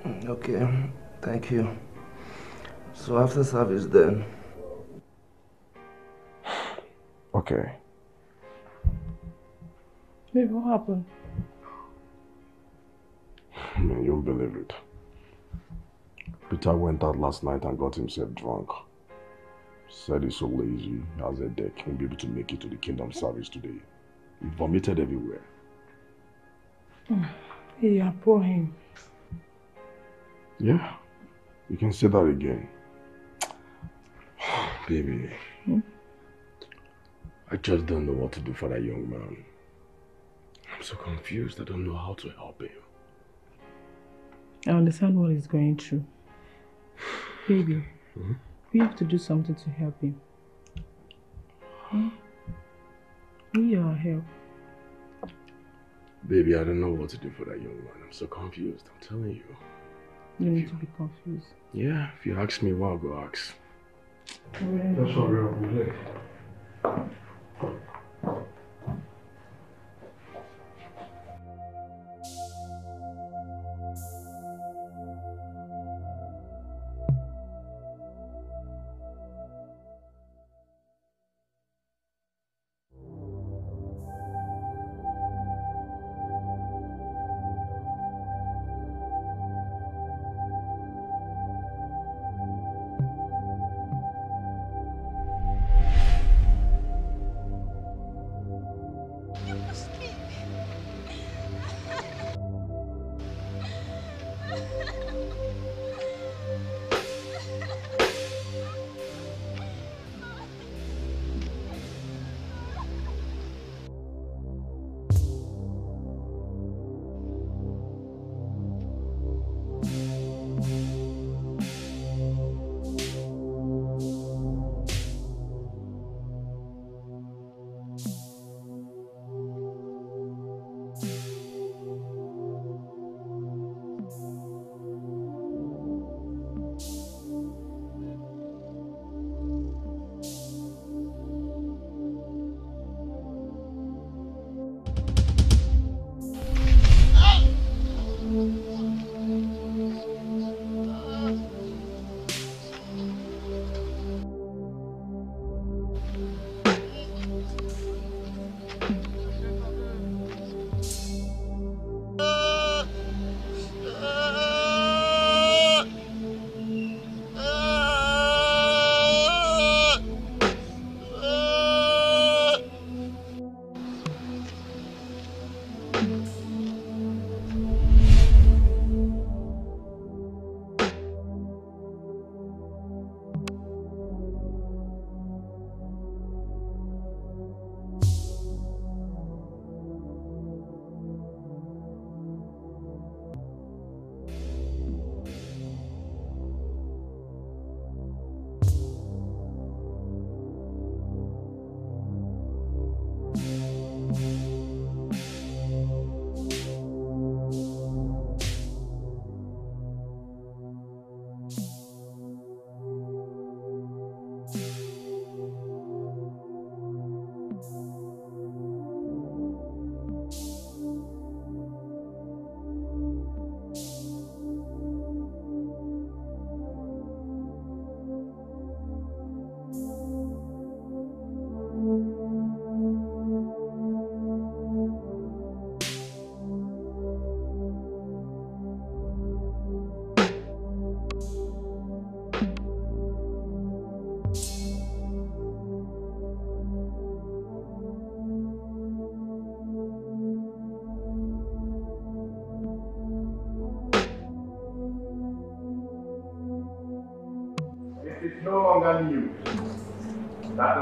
Hmm, okay, thank you. So after service then, Okay. Baby, what happened? Man, you won't believe it. Peter went out last night and got himself drunk. Said he's so lazy, he has a deck, won't be able to make it to the kingdom service today. He vomited everywhere. *sighs* Yeah, poor him. Yeah, you can say that again. *sighs* Baby. I just don't know what to do for that young man. I'm so confused. I don't know how to help him. I understand what he's going through. Baby, hmm? we have to do something to help him. We are here. help. Baby, I don't know what to do for that young man. I'm so confused. I'm telling you. You if need you, to be confused. Yeah, if you ask me, why go ask. That's what we're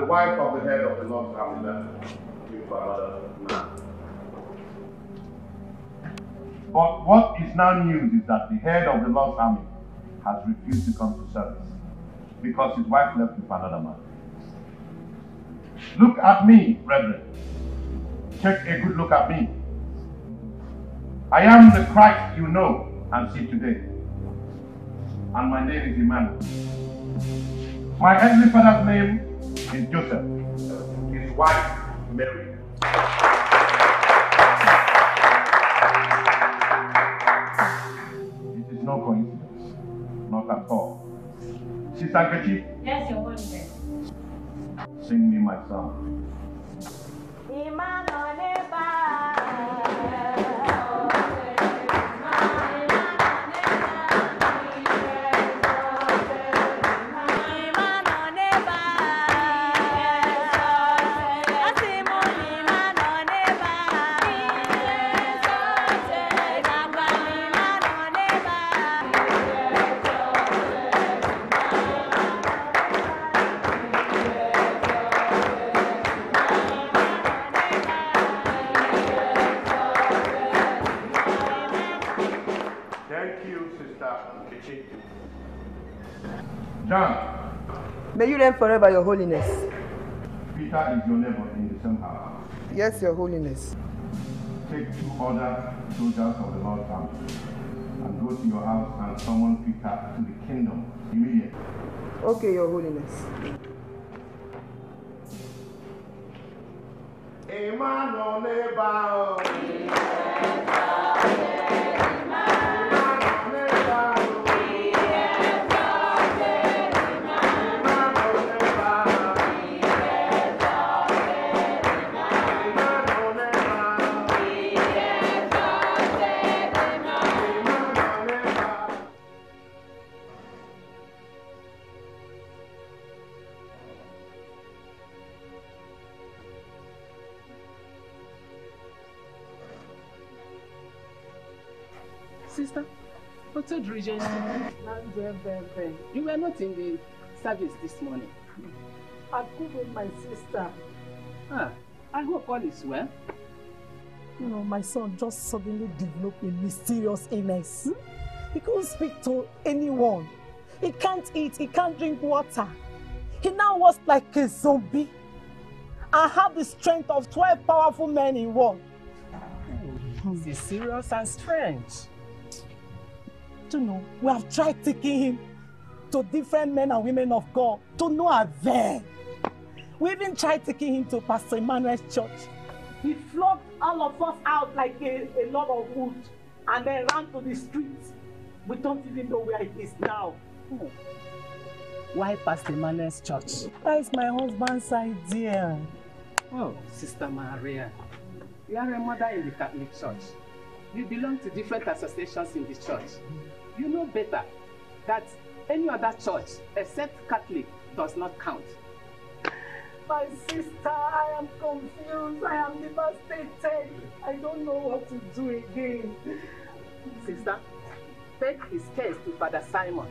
the wife of the head of the North family left you for another man. But what is now news is that the head of the Lord's army has refused to come to service because his wife left with another man. Look at me, brethren. Take a good look at me. I am the Christ you know and see today. And my name is Emmanuel. My heavenly father's name is Joseph. His uh, wife, Mary. It is no coincidence. Not at all. Sister Getty? Yes, your wonder. Sing me my song. them forever, Your Holiness. Peter is your neighbor in the same house. Yes, Your Holiness. Take two other soldiers of the Lord's army and go to your house and summon Peter to the kingdom immediately. Okay, Your Holiness. Emmanuel Nebao. ingredients. You were not in the service this morning. I cooked with my sister. Ah, I hope all is well. You know, my son just suddenly developed a mysterious illness. Hmm? He couldn't speak to anyone. He can't eat, he can't drink water. He now was like a zombie. I have the strength of 12 powerful men in one. Oh, hmm, it's serious and strange you know, we have tried taking him to different men and women of God to no avail. We even tried taking him to Pastor Emmanuel's church. He flogged all of us out like a, a log of wood and then ran to the streets. We don't even know where he is now. Why Pastor Emmanuel's church? That is my husband's idea. Oh, Sister Maria, you are a mother in the Catholic Church. You belong to different associations in the church. you know better that any other church except Catholic does not count. My sister, I am confused. I am devastated. I don't know what to do again. Sister, take his case to Father Simon.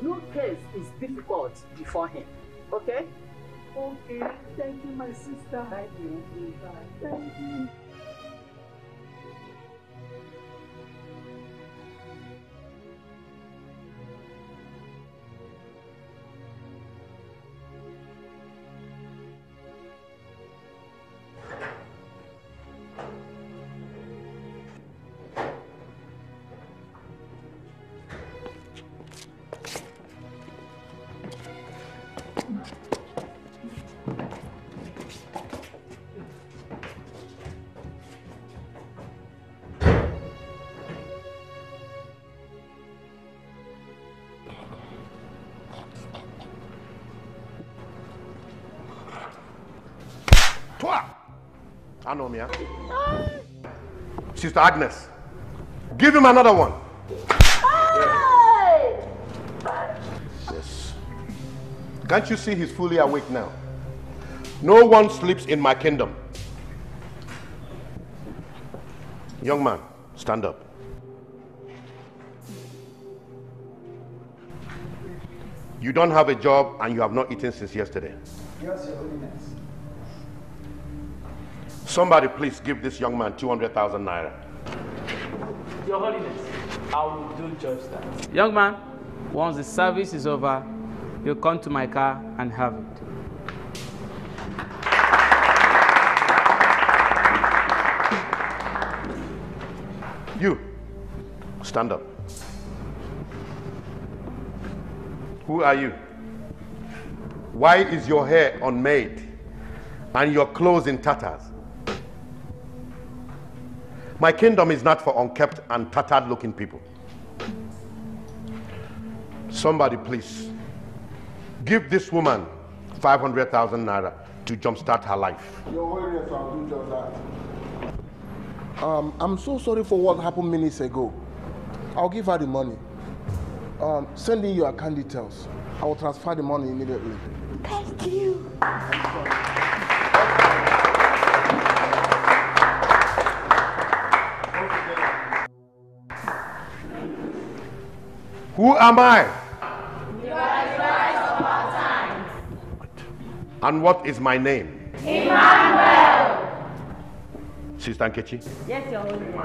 No case is difficult before him. Okay? Okay. Thank you, my sister. Thank you. Thank you. I know me. Sister Agnes, give him another one. Yes. Can't you see he's fully awake now? No one sleeps in my kingdom. Young man, stand up. You don't have a job and you have not eaten since yesterday. Yes, Your Holiness. Somebody please give this young man 200,000 naira. Your Holiness, I will do just that. Young man, once the service is over, you come to my car and have it. You, stand up. Who are you? Why is your hair unmade and your clothes in tatters? My kingdom is not for unkempt and tattered looking people. Somebody, please, give this woman 500,000 naira to jumpstart her life. Um, I'm so sorry for what happened minutes ago. I'll give her the money. Um, send in your account details. I will transfer the money immediately. Thank you. Who am I? You are the of And what is my name? Emmanuel. Sister Nkechi. Yes, Your Holiness.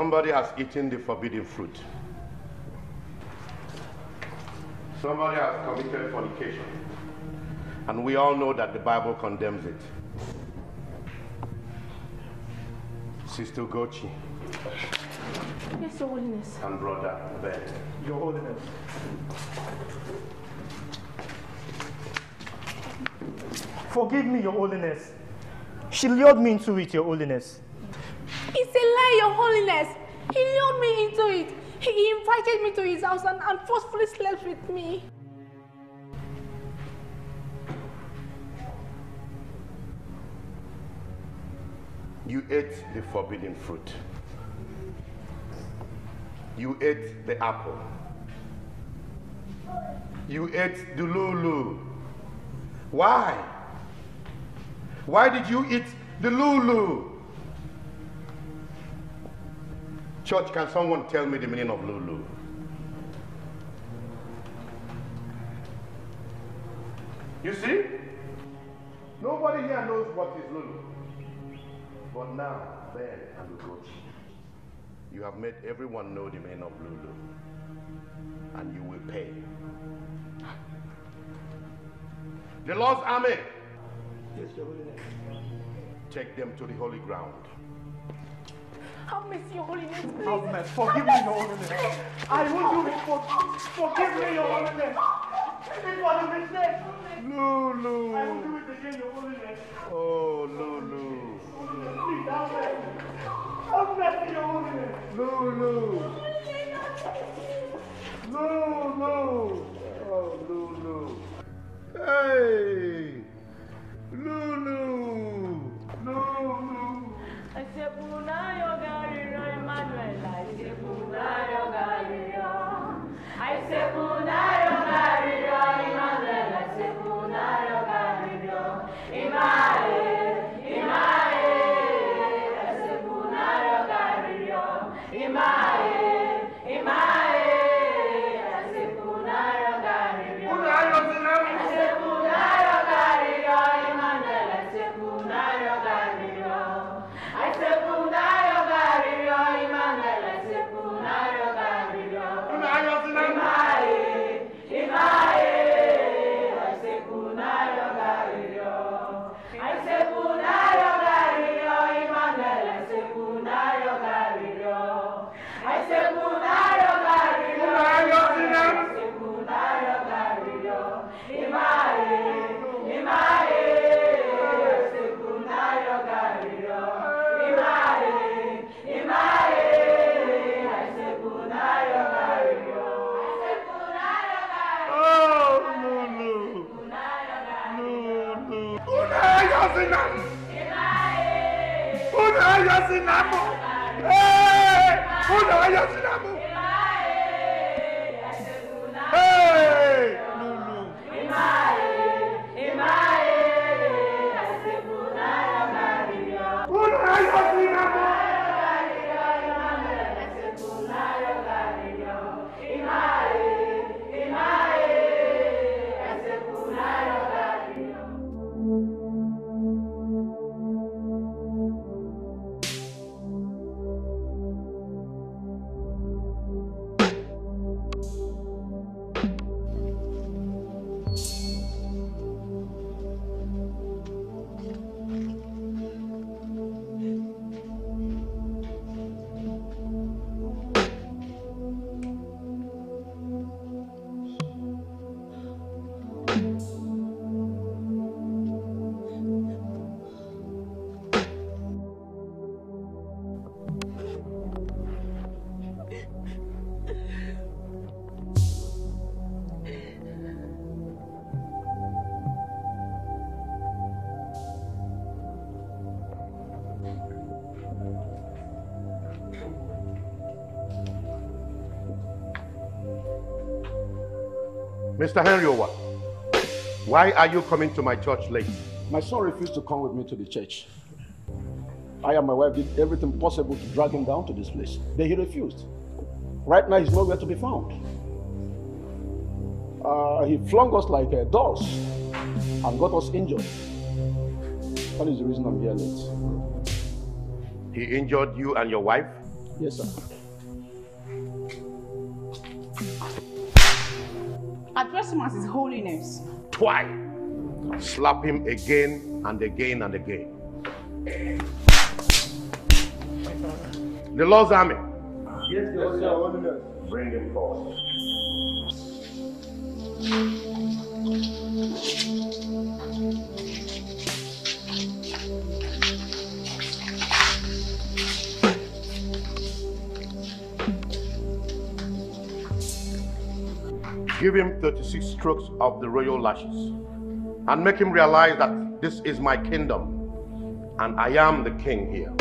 Somebody has eaten the forbidden fruit. Somebody has committed fornication. And we all know that the Bible condemns it. Sister Gochi. Yes, Your Holiness. And Brother Ben. Your Holiness. Forgive me, Your Holiness. She lured me into it, Your Holiness. It's a lie, Your Holiness. He lured me into it. He invited me to his house and, and forcefully slept with me. You ate the forbidden fruit. You ate the apple. You ate the lulu. Why? Why did you eat the lulu? Church, can someone tell me the meaning of Lulu? You see? Nobody here knows what is Lulu. But now, Ben and Ugochi, you have made everyone know the meaning of Lulu. And you will pay. The Lord's army. Yes, Your Holiness. Take them to the holy ground. Have mercy, Your Holiness, please. Have mercy. Forgive me, Your Holiness. I will do it. For, forgive me, Your Holiness. It was a mistake. Lulu. I will do it again, Your Holiness. Oh, Lulu. Please, have mercy. Have mercy, Your Holiness. Lulu. Lulu. Oh, Lulu. Hey. Lulu. Lulu. I Garino Emanuela, Sepunayo Garino, I Sepunayo Mr. Henry Owa, why are you coming to my church late? My son refused to come with me to the church. I and my wife did everything possible to drag him down to this place. Then he refused. Right now, he's nowhere to be found. Uh, he flung us like uh, dolls and got us injured. That is the reason I'm here late. He injured you and your wife? Yes, sir. Address him as his holiness. Twice. Slap him again and again and again. The Lord's army. Yes, Lord, your holiness. Bring him forth. Give him 36 strokes of the royal lashes and make him realize that this is my kingdom and I am the king here.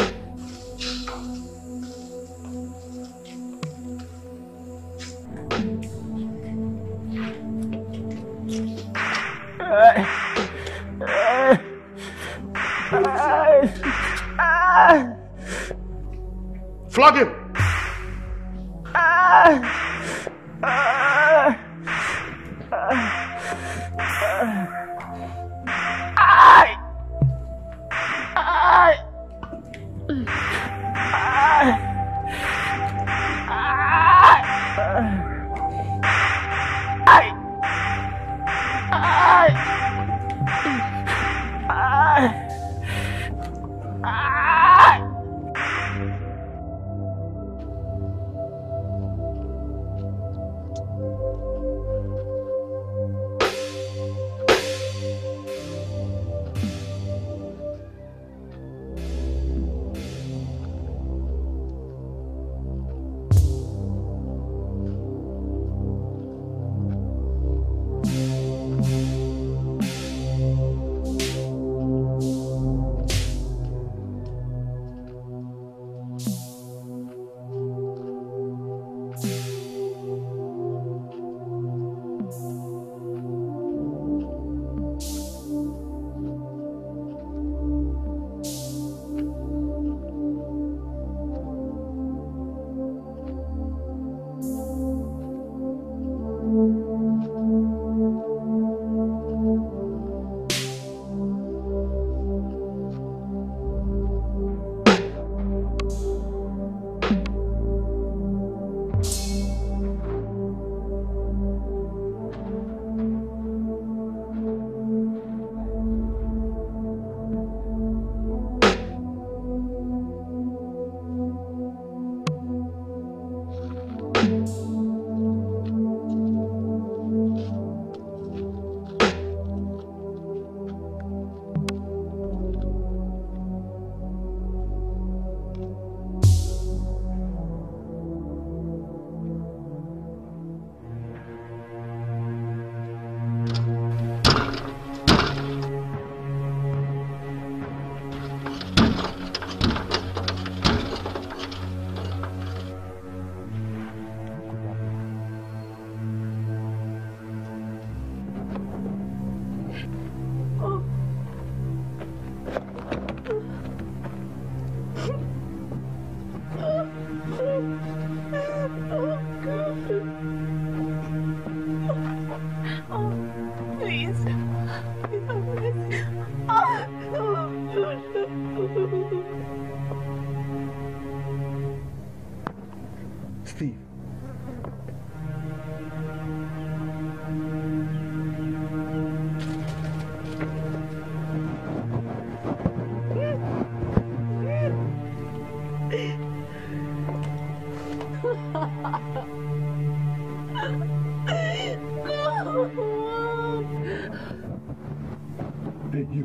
you.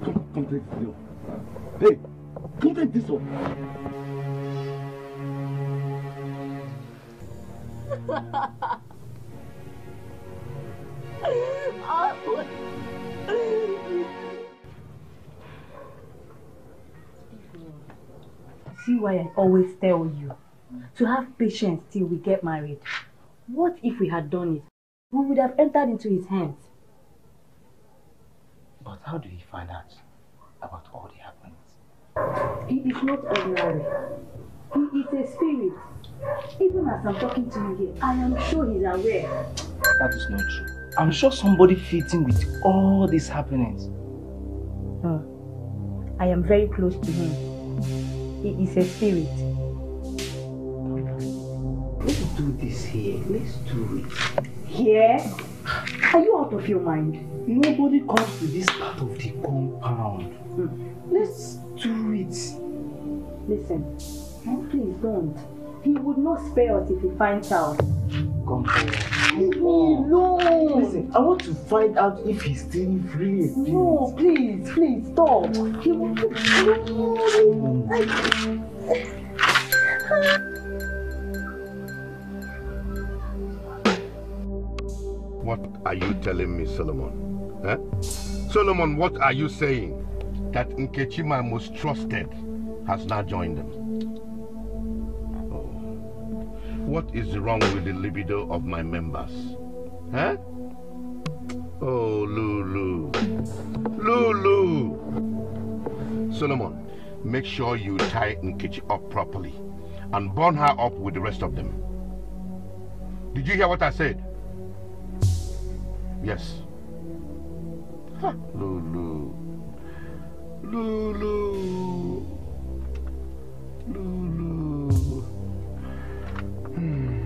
Come, come take this one. Hey, come take this one. *laughs* See why I always tell you to have patience till we get married. What if we had done it? We would have entered into his hands. How did he find out about all the happenings? He is not ordinary. He is a spirit. Even as I'm talking to you here, I am sure he's aware. That is not true. I'm sure somebody fits in with all these happenings. Hmm. I am very close to him. He is a spirit. Let's do this here. Let's do it. Here? Yeah. Are you out of your mind? Nobody comes to this part of the compound. Mm. Let's do it. Listen, please don't. He would not spare us if he finds out. Come Leave me alone. Listen, I want to find out if he's still free. No, please, please stop. He will. No. Mm. What are you telling me, Solomon? Huh? Solomon, what are you saying? That Nkechi, my most trusted, has now joined them. Oh. What is wrong with the libido of my members? Huh? Oh, Lulu. Lulu! Solomon, make sure you tie Nkechi up properly and burn her up with the rest of them. Did you hear what I said? Yes. Huh. Lulu. Lulu. Lulu. Hmm.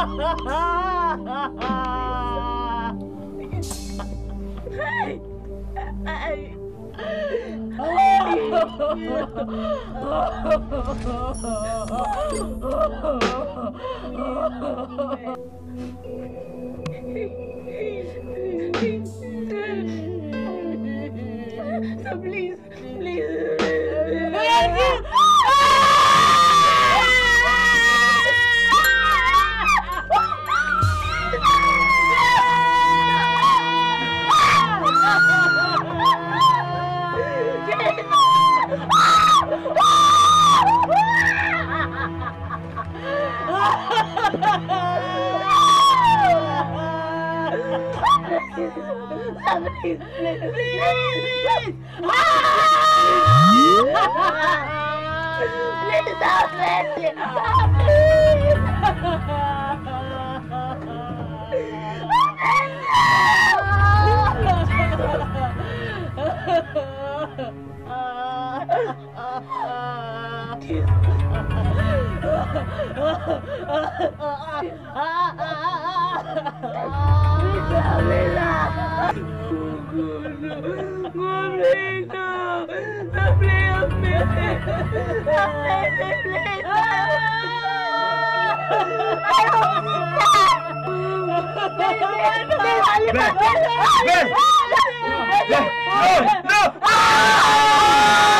so please Please, please, please. Ah! Please help me. Please. Oh, Vem! Vem! Não! Não!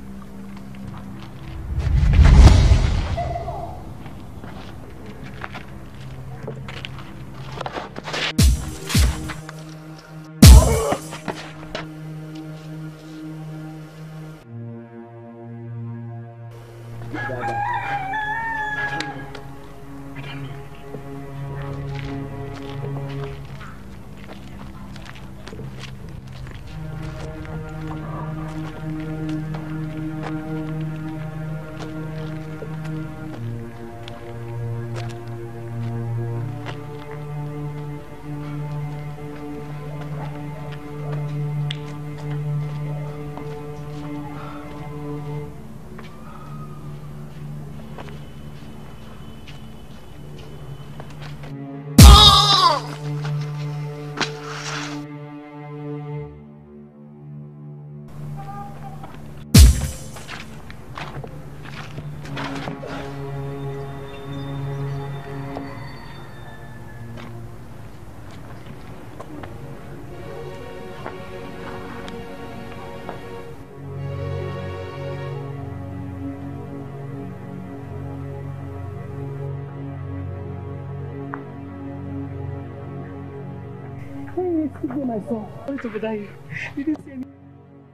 myself. Sorry to bother you. You didn't see any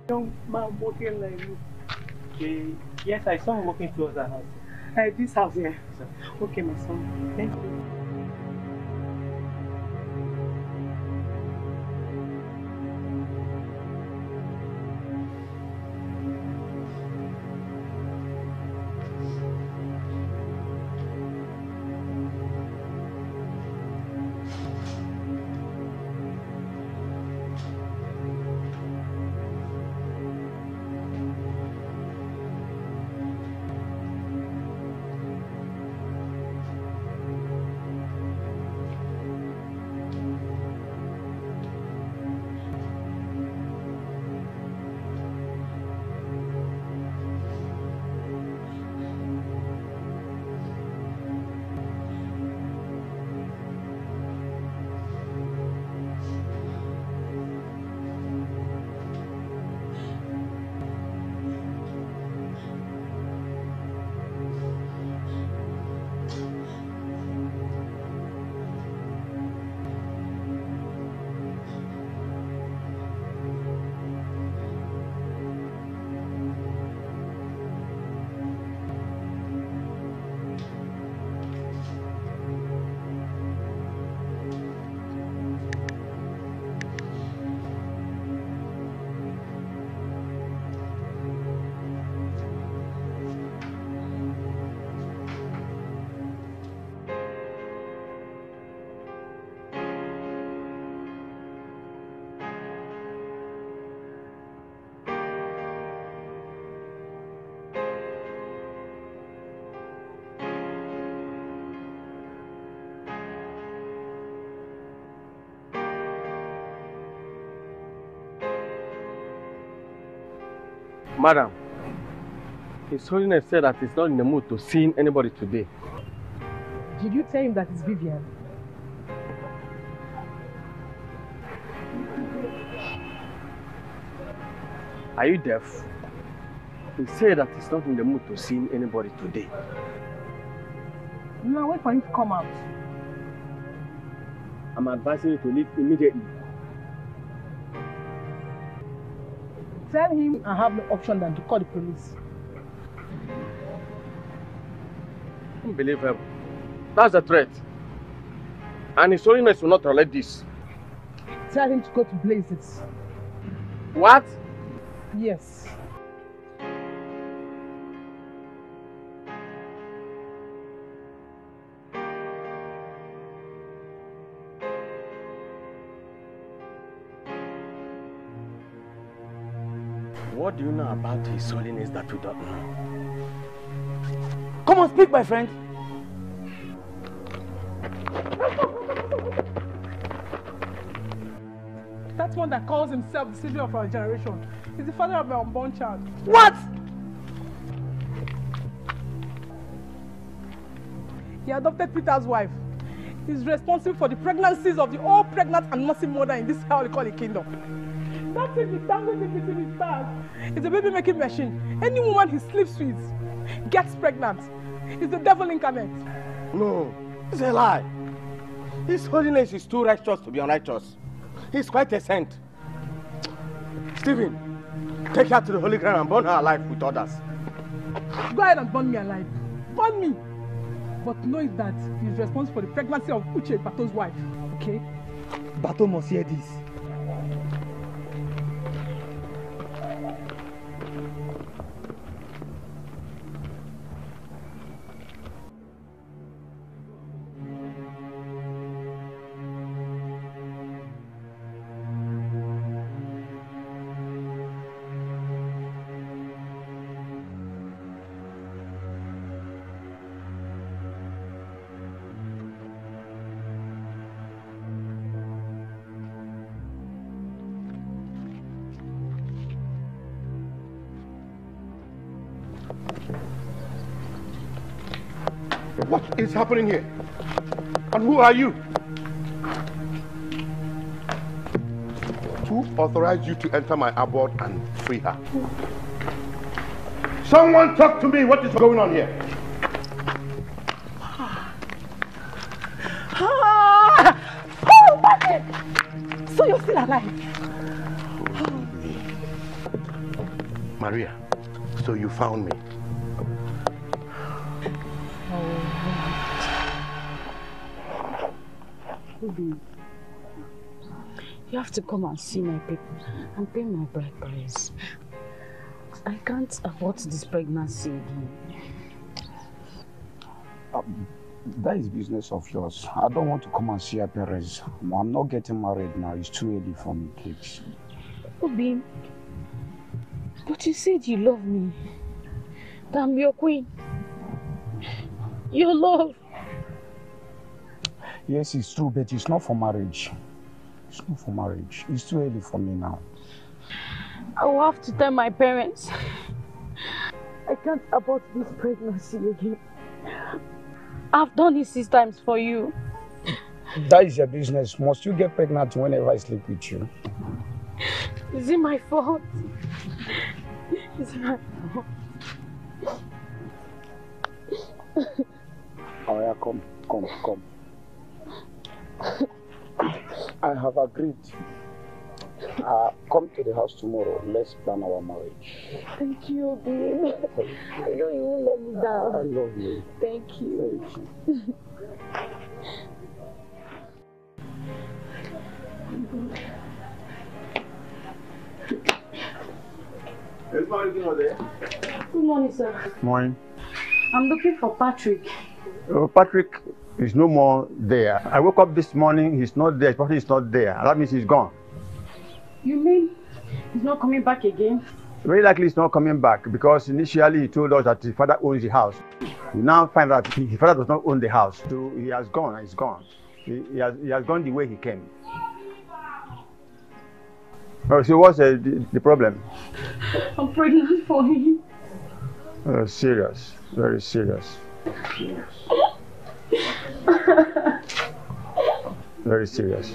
young man walking like you. Uh, yes, I saw him walking towards the house. Uh, this house here. Yeah. Okay, my son. Thank you. Madam, His Holiness said that he's not in the mood to see anybody today. Did you tell him that it's Vivian? Are you deaf? He said that he's not in the mood to see anybody today. Now wait for him to come out. I'm advising you to leave immediately. tell him I have no option than to call the police. Unbelievable. That's a threat. And his holiness will not tolerate this. Tell him to go to blazes. What? Yes. what do you know about His Holiness that we don't know? Come on, speak, my friend. That one that calls himself the savior of our generation is the father of my unborn child. What? He adopted Peter's wife. He's responsible for the pregnancies of the all pregnant and nursing mother in this holy kingdom. That thing is dangling in his bag. It's a baby making machine. Any woman he sleeps with gets pregnant. It's the devil incarnate. No, it's a lie. His holiness is too righteous to be unrighteous. He's quite a saint. Stephen, take her to the Holy Ground and burn her alive with others. Go ahead and burn me alive. Burn me! But know that he's responsible for the pregnancy of Uche Bato's wife, okay? Bato must hear this. happening here? And who are you? Who authorized you to enter my abode and free her? Someone talk to me. What is going on here? Ah. Oh, Patrick! So you're still alive? Oh, Maria, so you found me. you have to come and see my people and pay my bride price. I can't afford this pregnancy again. Um, that is business of yours. I don't want to come and see your parents. I'm not getting married now. It's too early for me, please. Obin, but you said you love me. That I'm your queen. Your love. Yes, it's true, but it's not for marriage. It's not for marriage. It's too early for me now. I will have to tell my parents. I can't abort this pregnancy again. I've done it six times for you. That is your business. Must you get pregnant whenever I sleep with you? Is it my fault? Is it my fault? Oh yeah, come, come, come. I have agreed. Uh, come to the house tomorrow. Let's plan our marriage. Thank you, babe. I know you won't let me down. I love you. Thank you. Thank you. Good morning, sir. Morning. I'm looking for Patrick. Oh, Patrick He's no more there. I woke up this morning, he's not there. His body is not there. That means he's gone. You mean he's not coming back again? Very likely he's not coming back because initially he told us that his father owns the house. We now find that his father does not own the house. So he has gone and he's gone. He, he, has, he has gone the way he came. Oh, so what's the, the problem? *laughs* I'm pregnant for him. Oh, serious, very serious. Yes. *laughs* Very serious.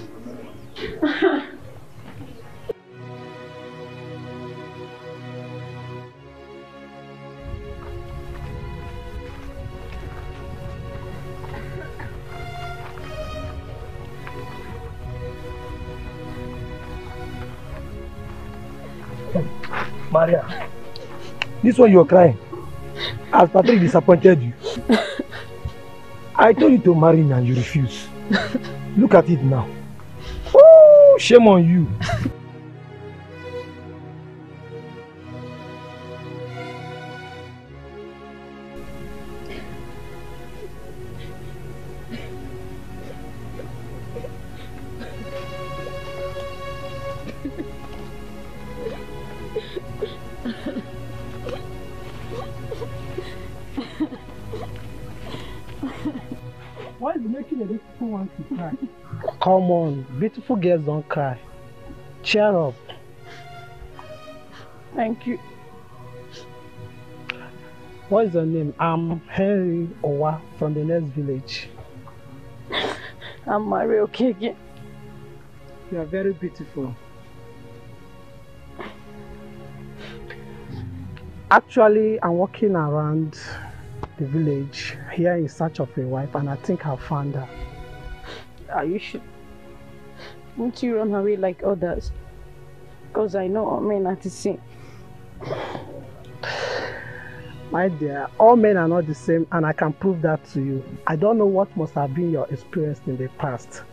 Maria, this one you're crying. Has Patrick disappointed you? *laughs* I told you to marry me and you refuse. *laughs* Look at it now. Oh, shame on you. want to cry. Come on, beautiful girls don't cry. Cheer up. Thank you. What is your name? I'm Henry Owa from the next village. I'm Mario Okege. You are very beautiful. Actually, I'm walking around the village here in search of a wife and I think I've found her. Are ah, you sure? Won't you run away like others? Because I know all men are the same. My dear, all men are not the same and I can prove that to you. I don't know what must have been your experience in the past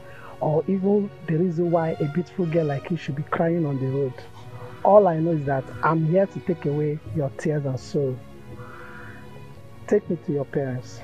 or even the reason why a beautiful girl like you should be crying on the road. All I know is that I'm here to take away your tears and sorrow. Take me to your parents.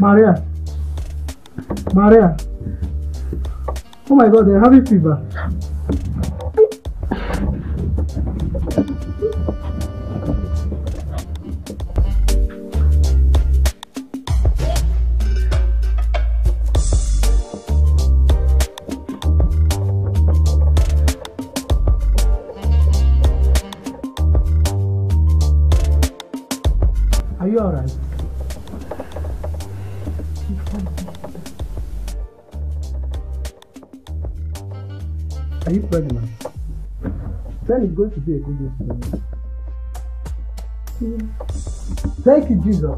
Maria. Maria. Oh my god, I have a fever. big in this room. Thank you, Jesus.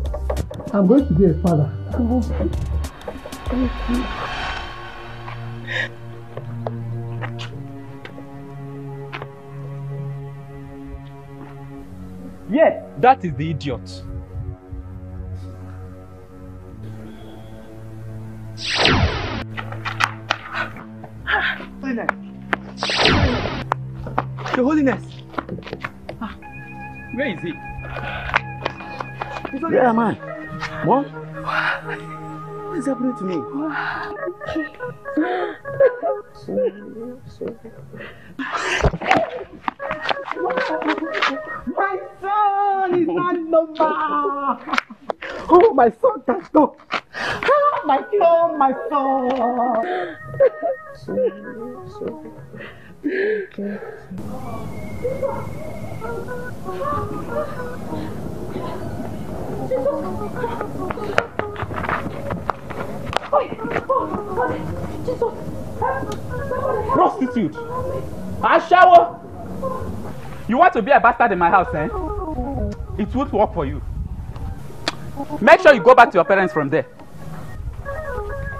I'm going to be a father. Oh, thank you. Yeah, that is the idiot. am I? What? What is happening to me? my son is not number. Oh, my son, that's no. Oh, my son, my son. I ah, shower. You want to be a bastard in my house, eh? It won't work for you. Make sure you go back to your parents from there.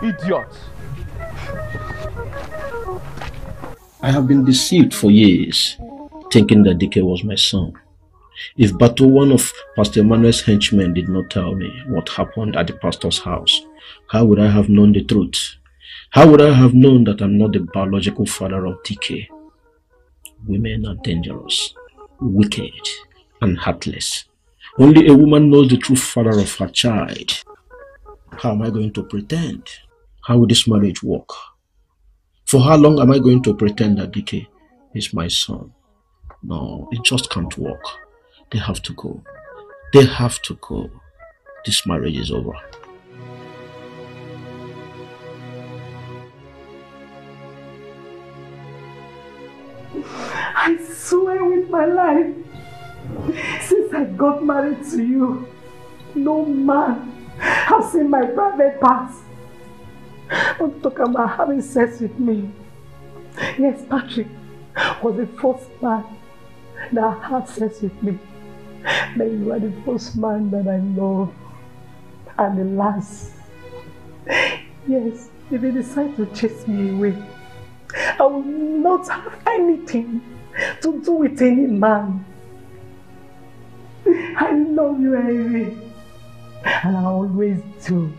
Idiot. I have been deceived for years, thinking that DK was my son. If but one of Pastor Manuel's henchmen did not tell me what happened at the pastor's house, how would I have known the truth? How would I have known that I'm not the biological father of DK? Women are dangerous, wicked, and heartless. Only a woman knows the true father of her child. How am I going to pretend? How will this marriage work? For how long am I going to pretend that Dike is my son? No, it just can't work. They have to go. They have to go. This marriage is over. I swear with my life, since I got married to you, no man has seen my private parts. I'm talking about having sex with me. Yes, Patrick was the first man that had sex with me. But you are the first man that I love. And the last. Yes, if you decide to chase me away, I will not have anything to do with any man. I love you, Ivy. And I always do.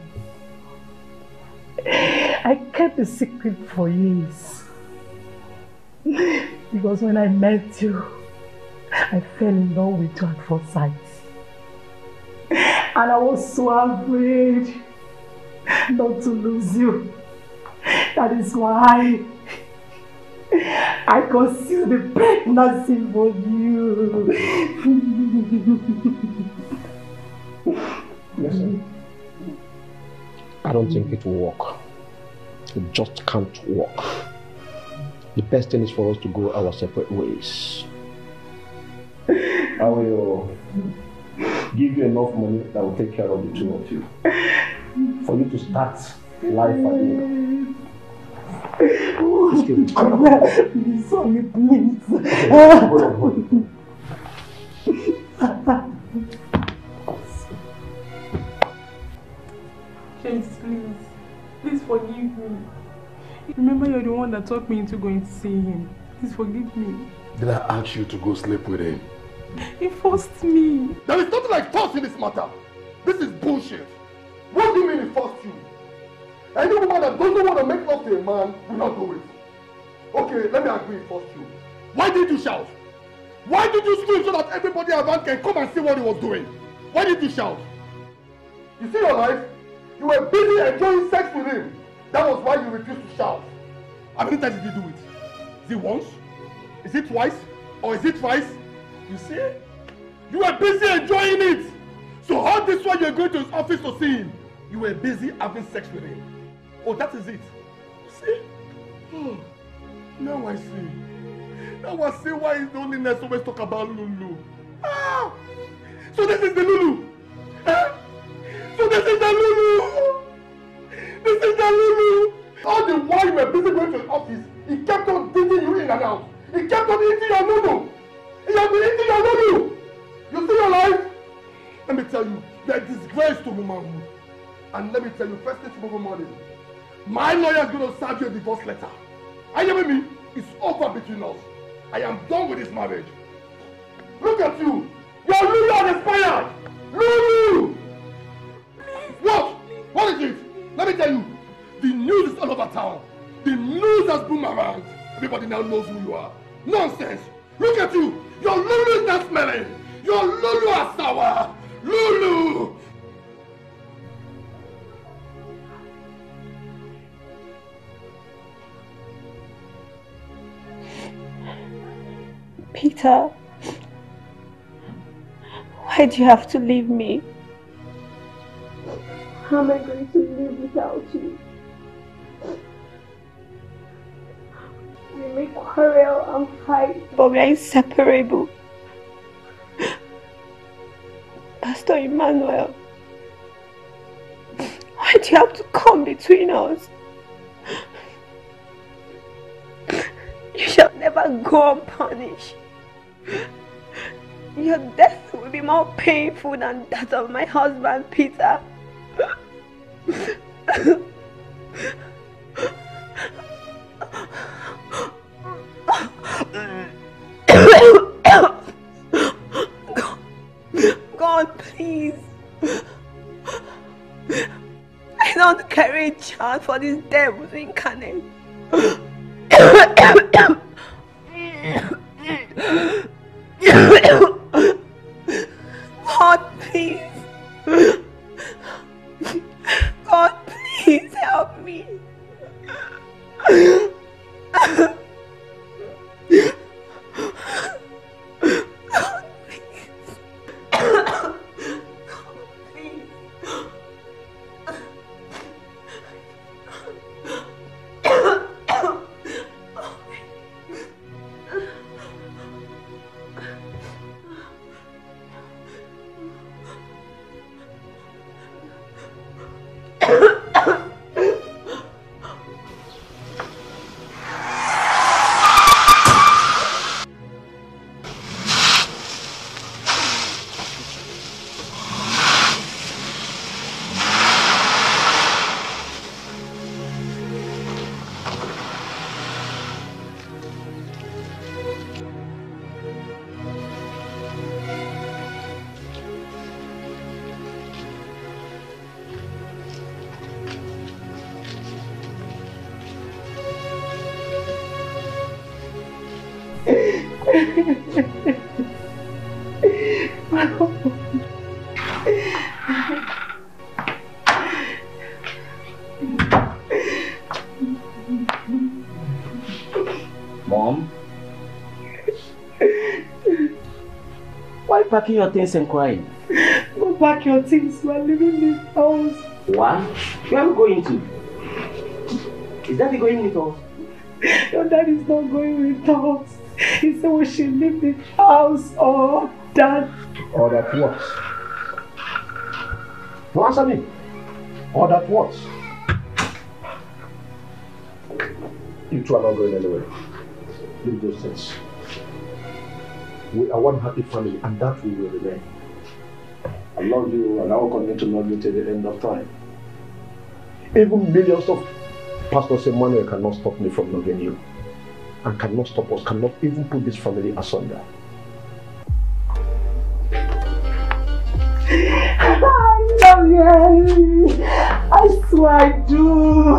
I kept the secret for years. Because when I met you, I fell in love with you at first sight. And I was so afraid not to lose you. That is why I conceal the pregnancy for you. yes, sir. I don't think it will work. It just can't work. The best thing is for us to go our separate ways. I will give you enough money that will take care of the two of you. For you to start life again. Please, sorry, please. Hold please. Please forgive me. Remember, you're the one that talked me into going to see him. Please forgive me. Did I ask you to go sleep with him? He forced me. There is nothing like force in this matter. This is bullshit. What do you mean he forced you? Any woman that doesn't want to make love to a man will not do it. Okay, let me agree first you. Why did you shout? Why did you scream so that everybody around can come and see what he was doing? Why did you shout? You see your life? You were busy enjoying sex with him. That was why you refused to shout. How many times did you do it? Is it once? Is it twice? Or is it twice? You see? You were busy enjoying it. So how this while you're going to his office to see him, you were busy having sex with him. Oh, that is it. See? Oh, *gasps* now I see. Now I see why it's the only nurse always talk about Lulu. Ah! So this is the Lulu. Eh? So this is the Lulu. This is the Lulu. All the while you were busy going to the office, he kept on digging you in and out. He kept on eating your Lulu. He has been eating your Lulu. You see your life? Let me tell you, you disgrace to womanhood. And let me tell you, first thing tomorrow morning, My lawyer is going to serve you a divorce letter. Are you with me? It's over between us. I am done with this marriage. Look at you. Your Lulu has expired. Lulu! What? What is it? Let me tell you. The news is all over town. The news has around. Everybody now knows who you are. Nonsense. Look at you. Your Lulu is not smelling. Your Lulu are sour. Lulu! Peter, why do you have to leave me? How am I going to live without you? We may quarrel and fight, but we are inseparable. Pastor Emmanuel, why do you have to come between us? You shall never go unpunished. Your death will be more painful than that of my husband, Peter. God, please. I don't carry a child for this devil's incarnate. God, please. God, please help me. packing your things and crying? Go pack your things. We're leaving this house. What? Where are we going to? Is daddy going with us? Your dad is not going with us. He said we should leave the house or dad. Or that what? No, answer me. Or that what? You two are not going anywhere. Leave those things. We are one happy family, and that we will remain. I love you, and I will continue to love you till the end of time. Even millions of pastors Emmanuel cannot stop me from loving you, and cannot stop us, cannot even put this family asunder. I love you, I swear I do.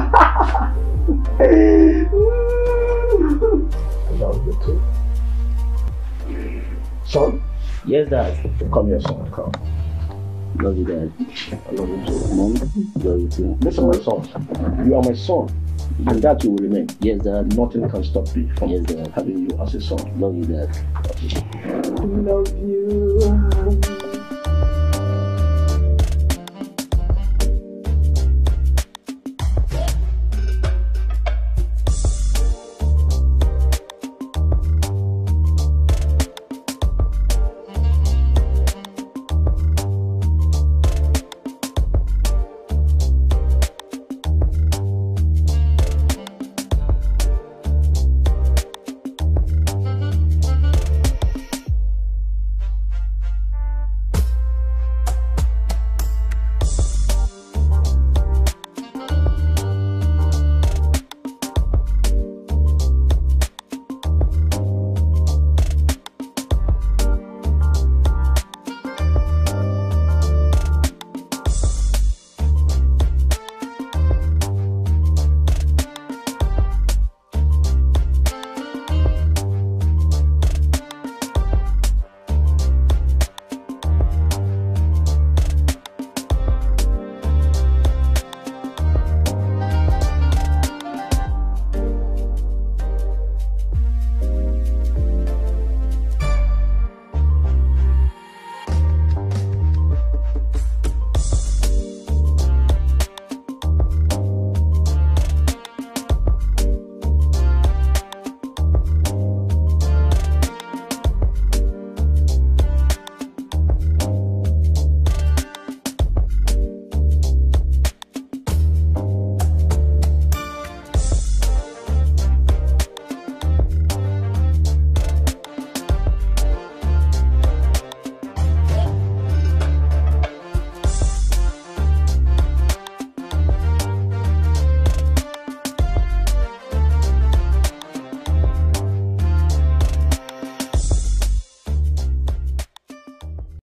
I love you too. Son? Yes, Dad. Come here, son. Come. Love you, Dad. I love you too. Mom, love you too. Listen, my son. You are my son. And that you will remain. Yes, Dad. Nothing can stop me from yes, having you as a son. Love you, Dad. Love you.